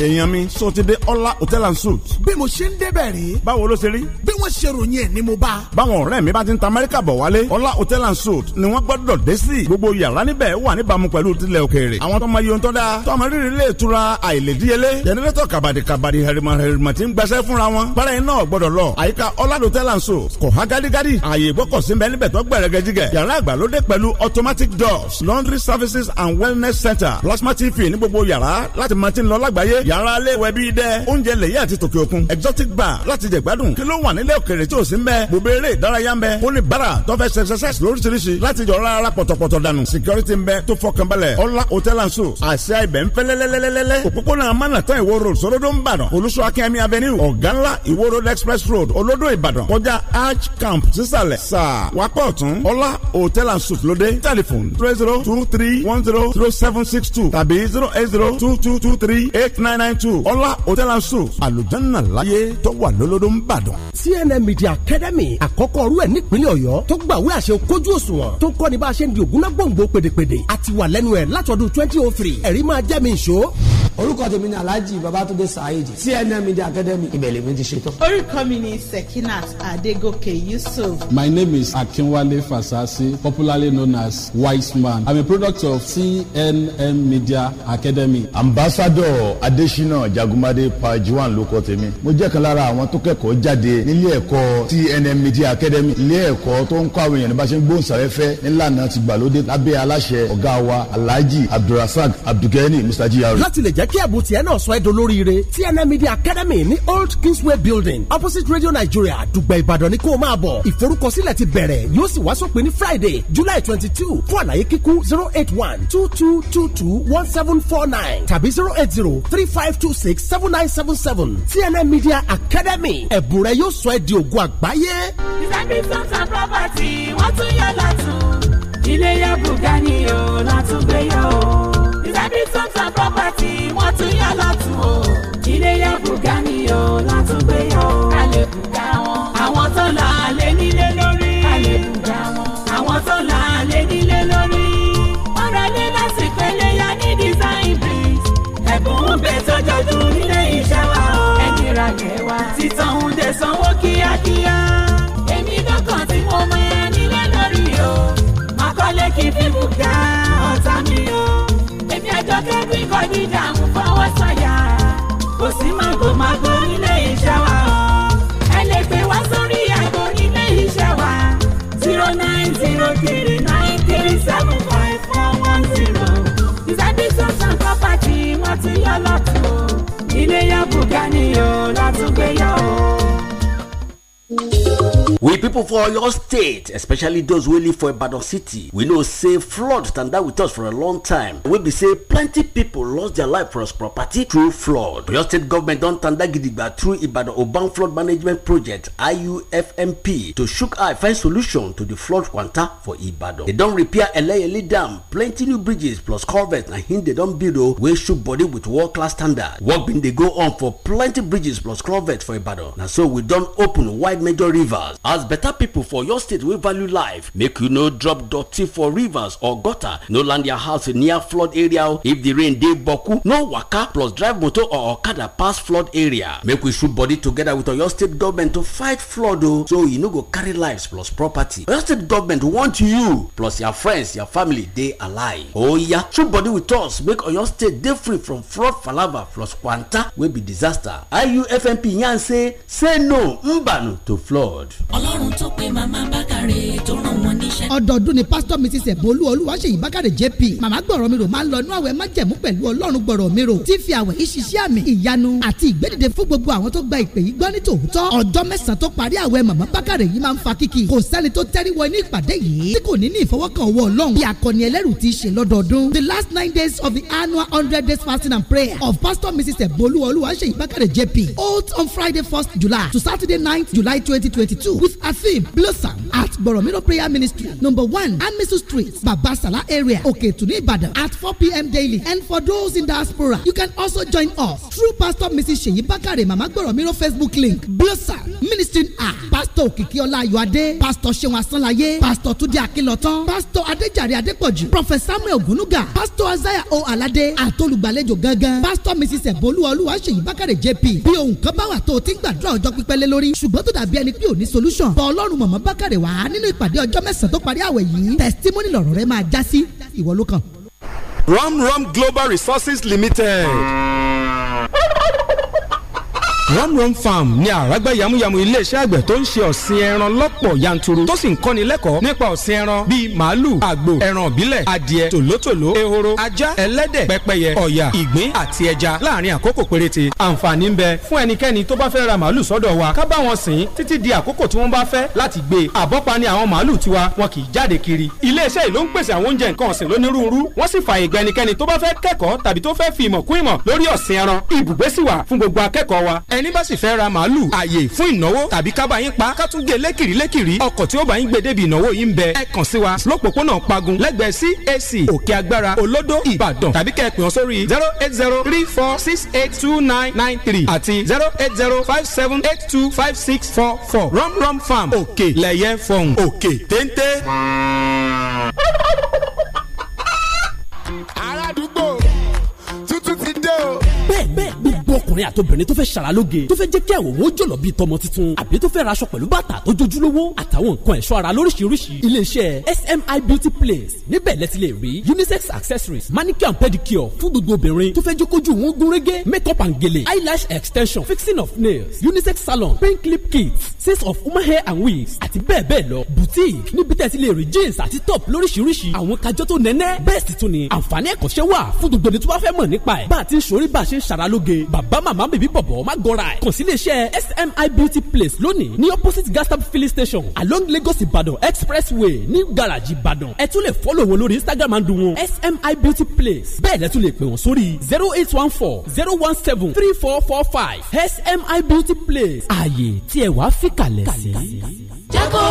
èèyàn mi sọ ti dé ọlá hotel and suites. bí mo ṣe ń débẹ̀ rí. báwo ló ṣe rí. bí wọ́n ṣe ròyìn ẹ̀ ni mo bá. báwọn ọ̀rẹ́ mi bá ti ń ta amẹ́ríkà bọ̀ wálé ọlá hotel and suites ni wọ́n gbọ́dọ̀ dé sí. gbogbo yàrá níbẹ̀ wà níbàámu pẹ̀lú tilẹ̀ òkèèrè. àwọn tọmọ yìí ń tọ́ da tọmọ rírì lè tura àìlèdíyelé. jẹnẹrétọ̀ kàbàdì kàbàdì hẹrìmọ̀hẹrìmọ̀ ti ń gbẹsẹ̀ fúnra wọn. bára iná gbọ́dọ̀ lọ àyíká ọlá hotel and suites kò há gádígádí. àyè ìgbọ́kọ̀sí ń bẹ níbẹ̀ tó gbẹ̀rẹ̀gẹ̀jigẹ̀. yàrá àgbàlódé pẹ̀lú automatic doors laundry services and wellness center plasma tv ní gbogbo yàrá láti máa ti ń lọ yàrá ilé ìwẹ̀ bíi dẹ́ oúnjẹ lẹ́yìn àti tòkè òkun exotic bar láti jẹ̀ gbádùn kí ló wà nílé òkèrè tí ò sí mbẹ́ bùbé eré ìdárayá mbẹ́ ó ní bara tó fẹ́ sẹ́sẹ́sẹ́sì lóríṣiríṣi láti jọ rárá pọ̀tọ̀pọ̀tọ̀ dànù security mbẹ́ tó fọkànbalẹ̀ ọlá hotel and suites àṣẹ ibẹ̀ ń fẹ́lẹ́lẹ́lẹ́lẹ́lẹ́ òpópónà amánàtàn ìwó road sorodo ìbàdàn olùsọ akínyẹmí avenue ọ̀gá ńlá ìwó road express road olódò ìbàdàn kọjá arch camp sísàlẹ̀ sáà wákọ̀ ọ̀tún ọlá hotel and suites lóde telephone three zero two three one zero zero seven six two tàbí zero eight zero two two two three eight nine nine nine two ọlá hotel and láyé tó wà lólódó ń bàdàn. CNN Media Academy àkọ́kọ́ ọ̀rú ẹ̀ nípínlẹ̀ Ọ̀yọ́ tó gbàwé àṣẹ kójú òṣùwọ̀n tó ń kọ́ni bá a ṣe ń di ògúnná gbòǹgbò pèdèpèdè àti wà lẹ́nu ẹ̀ látọdún twenty oh three ẹ̀rí máa jẹ́ mi ìṣó. orúkọ tèmi ni Alhaji Babatunde Saheed CNN Media Academy ìbẹ̀lẹ̀ mi ti ṣetán. orúkọ mi ni Sekinat Adegoke Yusuf. My name is Akinwale Fasasi, popularly known as Wise Man. I'm a product of CNN Media Academy. Ambassador Ade adésínà jagunmadé pajuwan ló kọ tèmi mo jẹ́ kan lára àwọn tó kẹ́kọ̀ọ́ jáde nílé ẹ̀kọ́ TNM Media Academy ilé ẹ̀kọ́ tó ń kọ́ àwọn èèyàn bá ṣe ń gbóhùnsáfẹ́fẹ́ nílànà ti gbàlódé lábẹ́ aláṣẹ ọ̀gá wa alhaji abdulrasaq abdulgani mr jr. láti lè jẹ́ kí ẹ̀bùn tiẹ̀ náà sọ ẹ́ dolóríire TNM Media Academy ní old kingsway building opposite radio nigeria dùgbẹ̀ ìbàdàn ni kó o máa bọ̀ ìforúkọsílẹ̀ ti bẹ̀rẹ̀ yóò sì wá sópin ní friday july twenty two fún àlàyé kíkún zero eight one two two two two one seven four nine tàbí zero eight zero three five two six seven nine seven seven TNM Media Academy ẹ̀bùn rẹ yóò sọ ẹ́ di ògo àgbáyé. ìsàkíyèsí and property wọ́n tún yọ látún ilé yá bùgá ni o látúgbé yọ o ìsàkíyèsí and property wọ́n tún yọ látún o ilé yá bùgá ni o látúgbé yọ o. a lè bùgá wọn àwọn tó lọ àlè nílé lórí. wọlé kí fíìmù ga ọ̀tá mi o èmi ẹjọ́ kẹ́gbìn kọ́ ní ìdààmú fọwọ́ sọ̀yà kò sí màgòmágó nílé iṣẹ́ wa o ẹ lè pè wá sórí àgbo nílé iṣẹ́ wa zero nine zero three nine three seven five four one zero ìsàdísọ́sà pápá tí wọ́n ti yọ lọ́tún ilé yọ bùgá ni o látúgbé yọ o we people for oyo state especially those wey live for ibadan city we know say flood standa with us for a long time wey be say plenty people lost their life for us property through flood oyo state government don tanda gidigba through ibadan oban flood management project iufmp to shook eye find solution to the flood kwanta for ibadan They don repair eleyele dam plenty new bridges plus culvert. na him they don build o wey shook body with world class standard work bin dey go on for plenty bridges plus culvert for ibadan na so we don open wide major rivers as better people for your state wey value life make you no drop dirty for rivers or gutter no land your house near flood area if the rain dey boku no waka plus drive motor or okada pass flood area make we shoot body together with oyo state government to fight flood o so you no go carry lives plus property oyo state government want you plus your friends your family dey alive oya oh shoot body with us make oyo state dey free from flood palava plus kwanta wey be disaster iufmp yarn say say no mbanu to flood ọlọ́run tó pe màmá bákàrẹ̀ tó ràn wọ́n níṣẹ́. ọdọọdún ni pásítọ̀ mrs ẹ̀bọ́lú olúwaṣeyì bákàrẹ̀ jp màmá gbọ̀rọ̀ mi rò máa ń lọ inú àwẹ̀ májẹ̀mú pẹ̀lú ọlọ́run gbọ̀rọ̀ mi rò tí fi àwẹ̀ ìṣiṣẹ́ àmì ìyanu àti ìgbédìde fún gbogbo àwọn tó gba ìpè yìí gbọ́ ní tòótọ́ ọjọ́ mẹ́sàn-án tó parí àwẹ̀ màmá bákàrẹ̀ yìí máa ń fa kíkì kò sẹ́ni tó tẹ́rí wọ inú ìpàdé yìí tí kò ní ní ìfọwọ́kàn ọlọ́run bí akọni ẹlẹ́rù ti ṣe lọ́dọọdún the last nine days of the annual hundred days fasting and prayer of pastor mrs ẹ̀bọ́lú olúwaṣeyì Bakare jp holds on friday 1st july to saturday 9th july 2022. twenty ruth afim blossom at boromiro prayer ministry number one amisu street babasala area Okay, òkètùnú ìbàdàn at 4 pm daily and for those in diaspora you can also join us through pastor mrs seyi bakare mama boromiro facebook link blossom ministry christian a ah, pásítọ̀ òkìkíọ́lá ayọ̀adé Pastor ṣéun asánláyé Pastor túndé akínlọ́tán pásítọ̀ adéjàre adépọ̀jù prọfẹ̀t samuel ògúnúgà Pastor azaya o aládé àtolùgbàlejò gangan Pastor mrs ẹ̀bọ́lú olúwaṣeyì bákàrẹ̀ jp bí ohun kan bá wà tó o ti ń gbàdúrà ọjọ́ pípẹ́ lé lórí ṣùgbọ́n tó dàbí ẹni pé ò ní solution bọ́ ọlọ́run mọ̀mọ́ bákàrẹ̀ wá nínú ìpàdé ọjọ́ mẹ́sàn-án tó parí àwẹ̀ yìí testimony lọ̀rọ̀ rẹ máa já sí ìwọ ló kàn. rom rom global resources limited one run farm ni àràgbá yamuyamu iléeṣẹ́ àgbẹ̀ tó ń ṣe ọ̀sìn ẹran lọ́pọ̀ yanturu tó sì ń kọ́ni lẹ́kọ̀ọ́ nípa ọ̀sìn ẹran bíi màálù àgbò ẹran ìbílẹ̀ adìẹ tòlótòló ehoro ajá ẹlẹ́dẹ̀ pẹ́pẹ́yẹ ọ̀yà ìgbín àti ẹja láàrin àkókò péréte àǹfààní ń bẹ fún ẹnikẹ́ni tó bá fẹ́ ra màálù sọ́dọ̀ wa ká bá wọn sìn títí di àkókò tí wọ́n bá fẹ́ láti gbé àbọ́pa ni àwọn màálù tiwa wọn kì í jáde kiri iléeṣẹ́ yìí ló ń pèsè àwọn oúnjẹ nǹkan ọ̀sìn lónírúurú wọ́n sì fààyè gba ẹnikẹ́ni tó bá fẹ́ kẹ́kọ̀ọ́ tàbí tó fẹ́ fi ìmọ̀ kún ìmọ̀ lórí ọ̀sìn ẹran ibùgbé sì wà fún gbogbo akẹ́kọ̀ọ́ wa ẹ ẹni bá sì fẹ́ ra màálù àyè fún ìnáwó tàbí ká bá yín pa ká tún gé lékìrí e lékìrí ọkọ̀ tí ó bá yín gbé débi ìnáwó yín bẹ ẹ kàn sí wa lópòpónà Pagun lẹ́gbẹ̀ẹ́ CAC Òkè Agbára Olódó Ìbàdàn tàbí kẹ́ ẹ pè wọ́n sórí zero eight zero three four six eight two nine nine three àti zero eight zero five seven eight two five six four four Rum Rum Farm Òkè lẹ́yẹ fọ̀hún Òkè téńté. aládùúgbò ọkùnrin àti obìnrin tó fẹ́ ṣàralóge tó fẹ́ jẹ́ kí àwòwò jọ̀lọ̀ bíi tọmọ tuntun àbí tó fẹ́ raṣọ pẹ̀lú bàtà tó jojúlówó àtàwọn nǹkan ẹ̀ṣọ́ ara lóríṣiríṣi iléeṣẹ́ SMI beauty place níbẹ̀ lẹ ti lè rí unisex accessories manicure and pedicure fún gbogbo obìnrin tó fẹ́ jẹ́ kójú wọn gún makeup and gèlè eyelash extension fixing of nails unisex salon pin clip kits sets of human hair and wigs àti bẹ́ẹ̀ bẹ́ẹ̀ lọ boutique níbi tẹ́ ti lè rí jeans àti top lóríṣiríṣi àwọn kájọ́ tó nẹ́nẹ́ bẹ́ẹ̀ sì tún ni àǹfààní ẹ̀kọ́ṣẹ́ wà fún gbogbo ẹni tó bá fẹ́ mọ̀ nípa ẹ̀ bá a ti ń ṣorí bá a ṣe ń ṣàralóge bàbá màmá bèbí bọ̀bọ̀ má gọra ẹ̀ kàn sí iléeṣẹ́ SMI Beauty Place lónìí ní opposite Gastap filling station along Lagos Ìbàdàn expressway ní garaji Ìbàdàn ẹ tún lè fọ́lọ̀ wọn lórí Instagram àdùn wọn SMI Beauty Place bẹ́ẹ̀ lẹ́tún lè pè wọ́n sórí zero eight one four zero one seven three four four five SMI Beauty Place ààyè tí ẹ wàá fìkàlẹ̀ sí. jẹ́ kó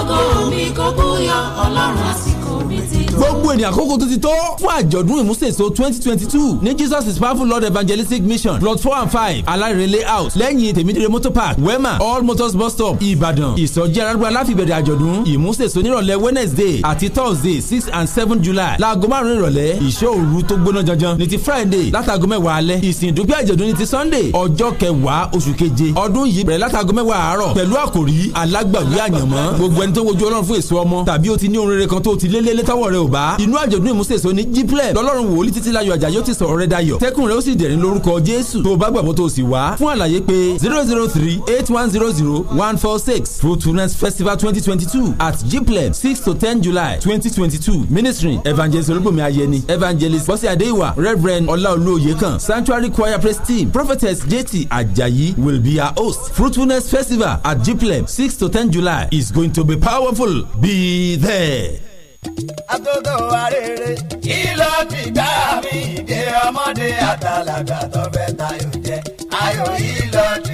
mi kó búyọ ọlọ́run àsìkò mi ti gbogbo ènìyàn àkókò tó ti tó fún àjọ̀dún ìmúṣẹ̀ṣe twenty twenty two ní Jesus is powerful Lord evangelistic mission plot four and five drive alárẹ̀lẹ̀ house lẹ́yìn tèmídìrẹ motor park wema all motors bus stop ìbàdàn ìsọjí arágbá láfìbẹ̀rẹ̀ àjọ̀dún ìmúṣẹ̀sọ nírọ̀lẹ́ wednesday àti thursday six and seven july láago márùn-ún ìrọ̀lẹ́ ìṣọ́ òru tó gbóná janjan ní ti friday látàgọ́ mẹ́wàá alẹ́ ìsìn ìdúpẹ́ àjọ̀dún ní ti sunday ọjọ́ kẹwàá oṣù keje ọdún yìí bẹ̀rẹ̀ látàgọ́ mẹ́wàá àárọ̀ pẹ̀lú àkòrí alágbàwí àyànmọ́ gbogbo ẹni tó wojú ọlọ́run fún èso ọmọ tàbí o ti ní orin rere kan tó o ti lé lélẹ́ tọ́wọ́ rẹ ò bá inú àjọ̀dún ìmúṣẹ̀sọ ní jíplẹ̀ lọ́lọ́run wòlíì títí láyọ̀ àjàyó ti sọ̀rọ̀ rẹ dayọ̀ tẹ́kùn rẹ ó sì dẹ̀rín lórúkọ jésù tó o bá gbàgbọ́ tó o sì wá fún àlàyé pé zero zero three eight one zero zero one four six fruitfulness festival twenty twenty two at gplem six to ten july twenty twenty two ministry evangelist olúbùnmi ayẹni evangelist bọ́sẹ̀ adéwà reverend ọláolú oyèkán sanctuary choir praise team prophetess jt ajayi will be our host fruitfulness festival at gplem six to ten july is going to be powerful be there. Agogo arére. Kí ló ti gbá mi? Ìdè ọmọdé àtàlàgbà tó fẹ́ tayò jẹ ayọ̀ yìí lọ́dún.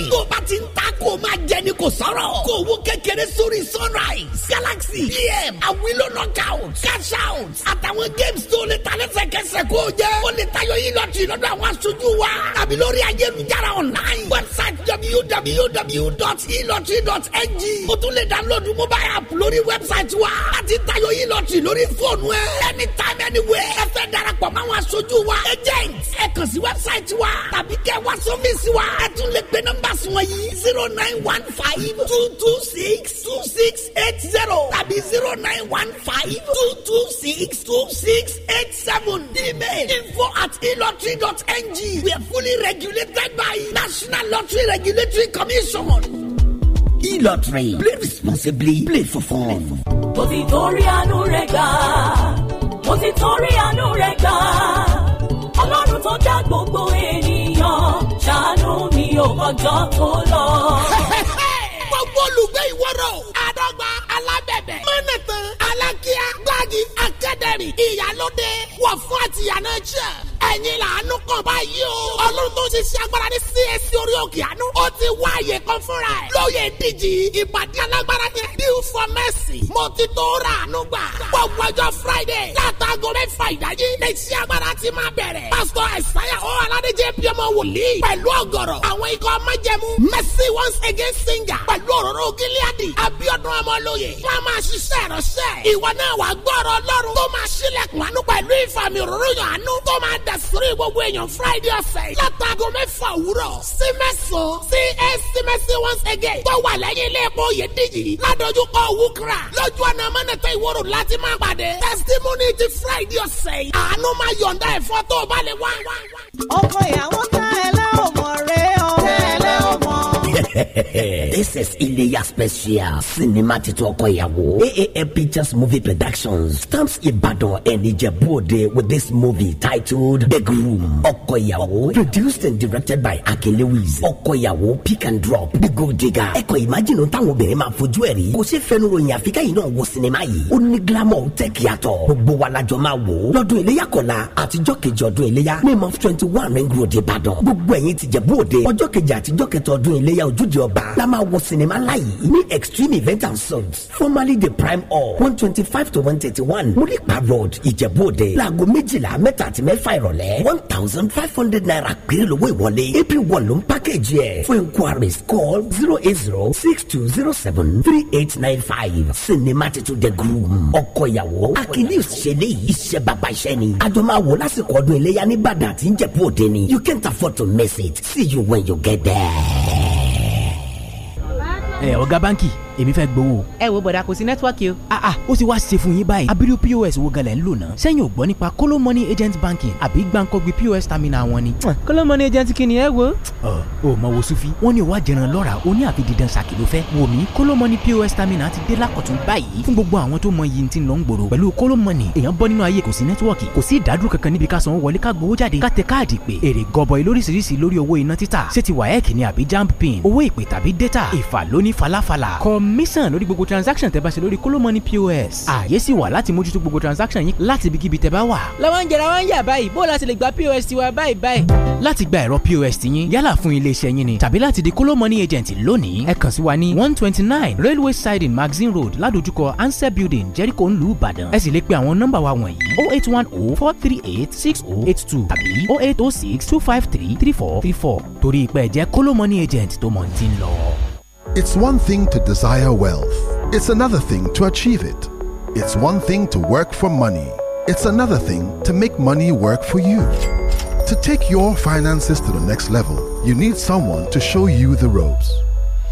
rìn. tó o bá ti ń ta kó o máa jẹ ni kò sọ̀rọ̀. kó owó kékeré sórí sunrise galaxy pm awilo knockout cash out àtàwọn games tó lè ta lẹ́sẹ̀kẹsẹ̀ kó o jẹ́. o lè tayọ yìí lọ sí lọ́dọ̀ àwọn aṣojú wa tàbí lórí ayélujára online website www.elotry.ng o tún lè download mobile app lórí website wa láti tayọ yìí lọ sí lórí fóònù ẹ anytime anywhere ẹ fẹ́ darapọ̀ mọ́ àwọn aṣojú wa agent ẹ kàn sí website wa tàbí kẹ́ wá sọ́fíìsì wa ẹ tún lè pe nọ́mbà numbers wọ̀nyí zero nine one five two two six two six eight zero tàbí zero nine one five two two six two six eight seven email info at elotry dot ng we are fully regulated by National Lottery Regulatory Commission. e Play responsibly. Play for fun. Mo ti torí àánú rẹ̀ gbà. Mo ti torí àánú rẹ̀ gbà. Ọlọ́run tó dá gbogbo ènìyàn ṣàánú mi ò mọjọ́ tó lọ. gbogbo olùgbé ìwọ́rọ̀ àdọ́gba alábẹ̀bẹ̀ mọ́nà tán alákíá gbági akẹ́dẹ̀rì ìyálóde wà fún àtìyànà jẹ ẹ̀yin làánú kàn báyìí o. ọlọ́run tó ń ṣiṣẹ́ agbára ní CAC orí òkè àánú. ó ti wá àyè kan fúnra ẹ̀. lóye díjì ìpàdé alágbára ní deal for mercy. mo ti tó ra àánú gbà. gbogbo ọjọ́ friday látago mẹ́fà ìdájí ní iṣẹ́ agbára ti máa bẹ̀rẹ̀. pásítọ̀ ẹ̀sáyà ó aládéjé bí ọmọ wòlíì. pẹ̀lú ọ̀gọ̀rọ̀ àwọn ikọ̀ májẹ̀mú. mercy once again singer. pẹ̀lú òróró gíláàdì abíọ́dún ọmọlóye. wọ́n máa ṣiṣẹ́ ìránṣẹ́. ìwọ náà wàá gbọ́ ọ̀rọ̀ ọlọ́run tó máa ṣílẹ̀kùn àánú pẹ̀lú ìf fàmì òróró yàn àánú tó máa dà sórí gbogbo èèyàn friday ọ̀sẹ̀ yìí látàgọ́ mẹ́fà òwúrọ̀ sí mẹ́sàn-án sí ẹ̀sìmẹ́sì once again tó wà lẹ́yìn ilé epo yèdíjì ládojúkọ wúkra lójú ọ̀nà mọ́nẹ̀tẹ̀ ìwòrò láti máa pàdé testimony ti friday ọ̀sẹ̀ yìí àánú máa yọ̀ǹda ẹ̀fọ́ tó o bá lè wá. ọkọ ìyàwó tá ẹ lẹ́ this is Iléyá special sinima titun ọkọ AAM Pictures movie productions stamps Ibadan and Ijebu-Ode with this movie titled The Groom ọkọ produced and directed by Akin Lewis ọkọ pick and drop The Gold Digger ẹ̀kọ́ ìmájìnnú táwọn obìnrin máa fojú ẹ̀ rí kò ṣe fẹnu ròyìn àfikẹ́ yìí náà wo sinima yìí ó ní gílámọ̀ tẹ́kì yàtọ̀ gbogbo wa lajọ máa wò ó lọ́dún kola kọ̀la àtijọ́ kejì ọdún Iléyá ní month twenty one ring road Ìbàdàn gbogbo ẹ̀yin ti òde ọjọ́ kejì àtijọ́ kẹtọ̀ ọdún Iléyá ojú olóúnjẹ ọba la máa wo sinimá láyé ní extreme event and subs formerly the prime hall one twenty five to one thirty one muripa road ìjẹ̀bú-òde láago méjìlá mẹ́ta àti mẹ́fà ìrọ̀lẹ́ one thousand five hundred naira péré lówó ìwọlé april one ló ń pákéjì ẹ̀ fún inquiries call zero eight zero six two zero seven three eight nine five sinimá titun the groom ọkọ ìyàwó akilius ṣẹlẹ̀ yìí iṣẹ́ bàbá ni àjọ máa wò lásìkò ọdún iléyà ní ìbàdàn àti ìjẹ̀bú-òde ni you can't afford to miss it see you when you get there. Eh, é, Oga Banky, èmi fẹ́ gbowó. ẹ wo bọ̀dà kò sí nẹ́tíwọ́ọ̀kì o. ah ah ó ti wá ṣe fún yín báyìí abiru pos wo galẹ̀ ń lò náà sẹ́yìn ò gbọ́ nípa kóló money agent banking àbí gbàǹkọ́gbì pos terminal wọn ni. Ah, kóló money agent kí ẹ wo. ọ ò mọ wo sufi wọn ní ìwà jẹran lọ́ra ó ní àfi didan ṣàkì ló fẹ́ wò kóló money pos terminal ti dé lákọ̀tún báyìí fún gbogbo àwọn tó mọ iye tí ń lọ ń gbòòrò pẹ̀lú kóló money èèyàn bọ́ nínú ayé kò sí nẹ́tíwọ́ọ̀kì kò sí ìdádúró kankan níbi ká sanwó wọlé ká gbowó jáde ká tẹ káàdì pé èrè gọbọi lóríṣiríṣi lórí owó iná títà ṣé ti wáyẹ̀kì ni àbí jump pin owó ìpè tàbí data ìfà lóní falafala com mísàn lórí gbogbo transaction tẹ́ bá ṣe lórí kólómọ́nì pos ààyè sì wà láti mójútó gbogbo transaction yín láti ibikíbi tẹ́ bá wà. làwọn ń jẹrà wọn ń yà báyìí bó láti lè gba pos tiwa báyìí báyìí. láti gba ẹ̀rọ pos ti yín yálà fún iléeṣẹ́ yín ni tàbí láti di kólómọ́nì agent lónìí ẹ kàn sí wa ní one twenty nine railway siding magazine road ládojúkọ ansa building jericho ńlú ìbàdàn ẹ sì lè pe àwọn nọ́mbà wa wọ̀nyí o oh eight one o oh four three eight six o oh eight two tàbí o eight o six two five three three four three four torí ìpẹ́ jẹ́ kólómọ́nì agent tó mọ̀ ní ti ń lọ. It's one thing to desire wealth. It's another thing to achieve it. It's one thing to work for money. It's another thing to make money work for you. To take your finances to the next level, you need someone to show you the ropes.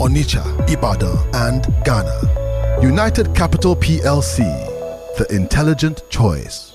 Onitsha, Ibadan, and Ghana. United Capital PLC, the intelligent choice.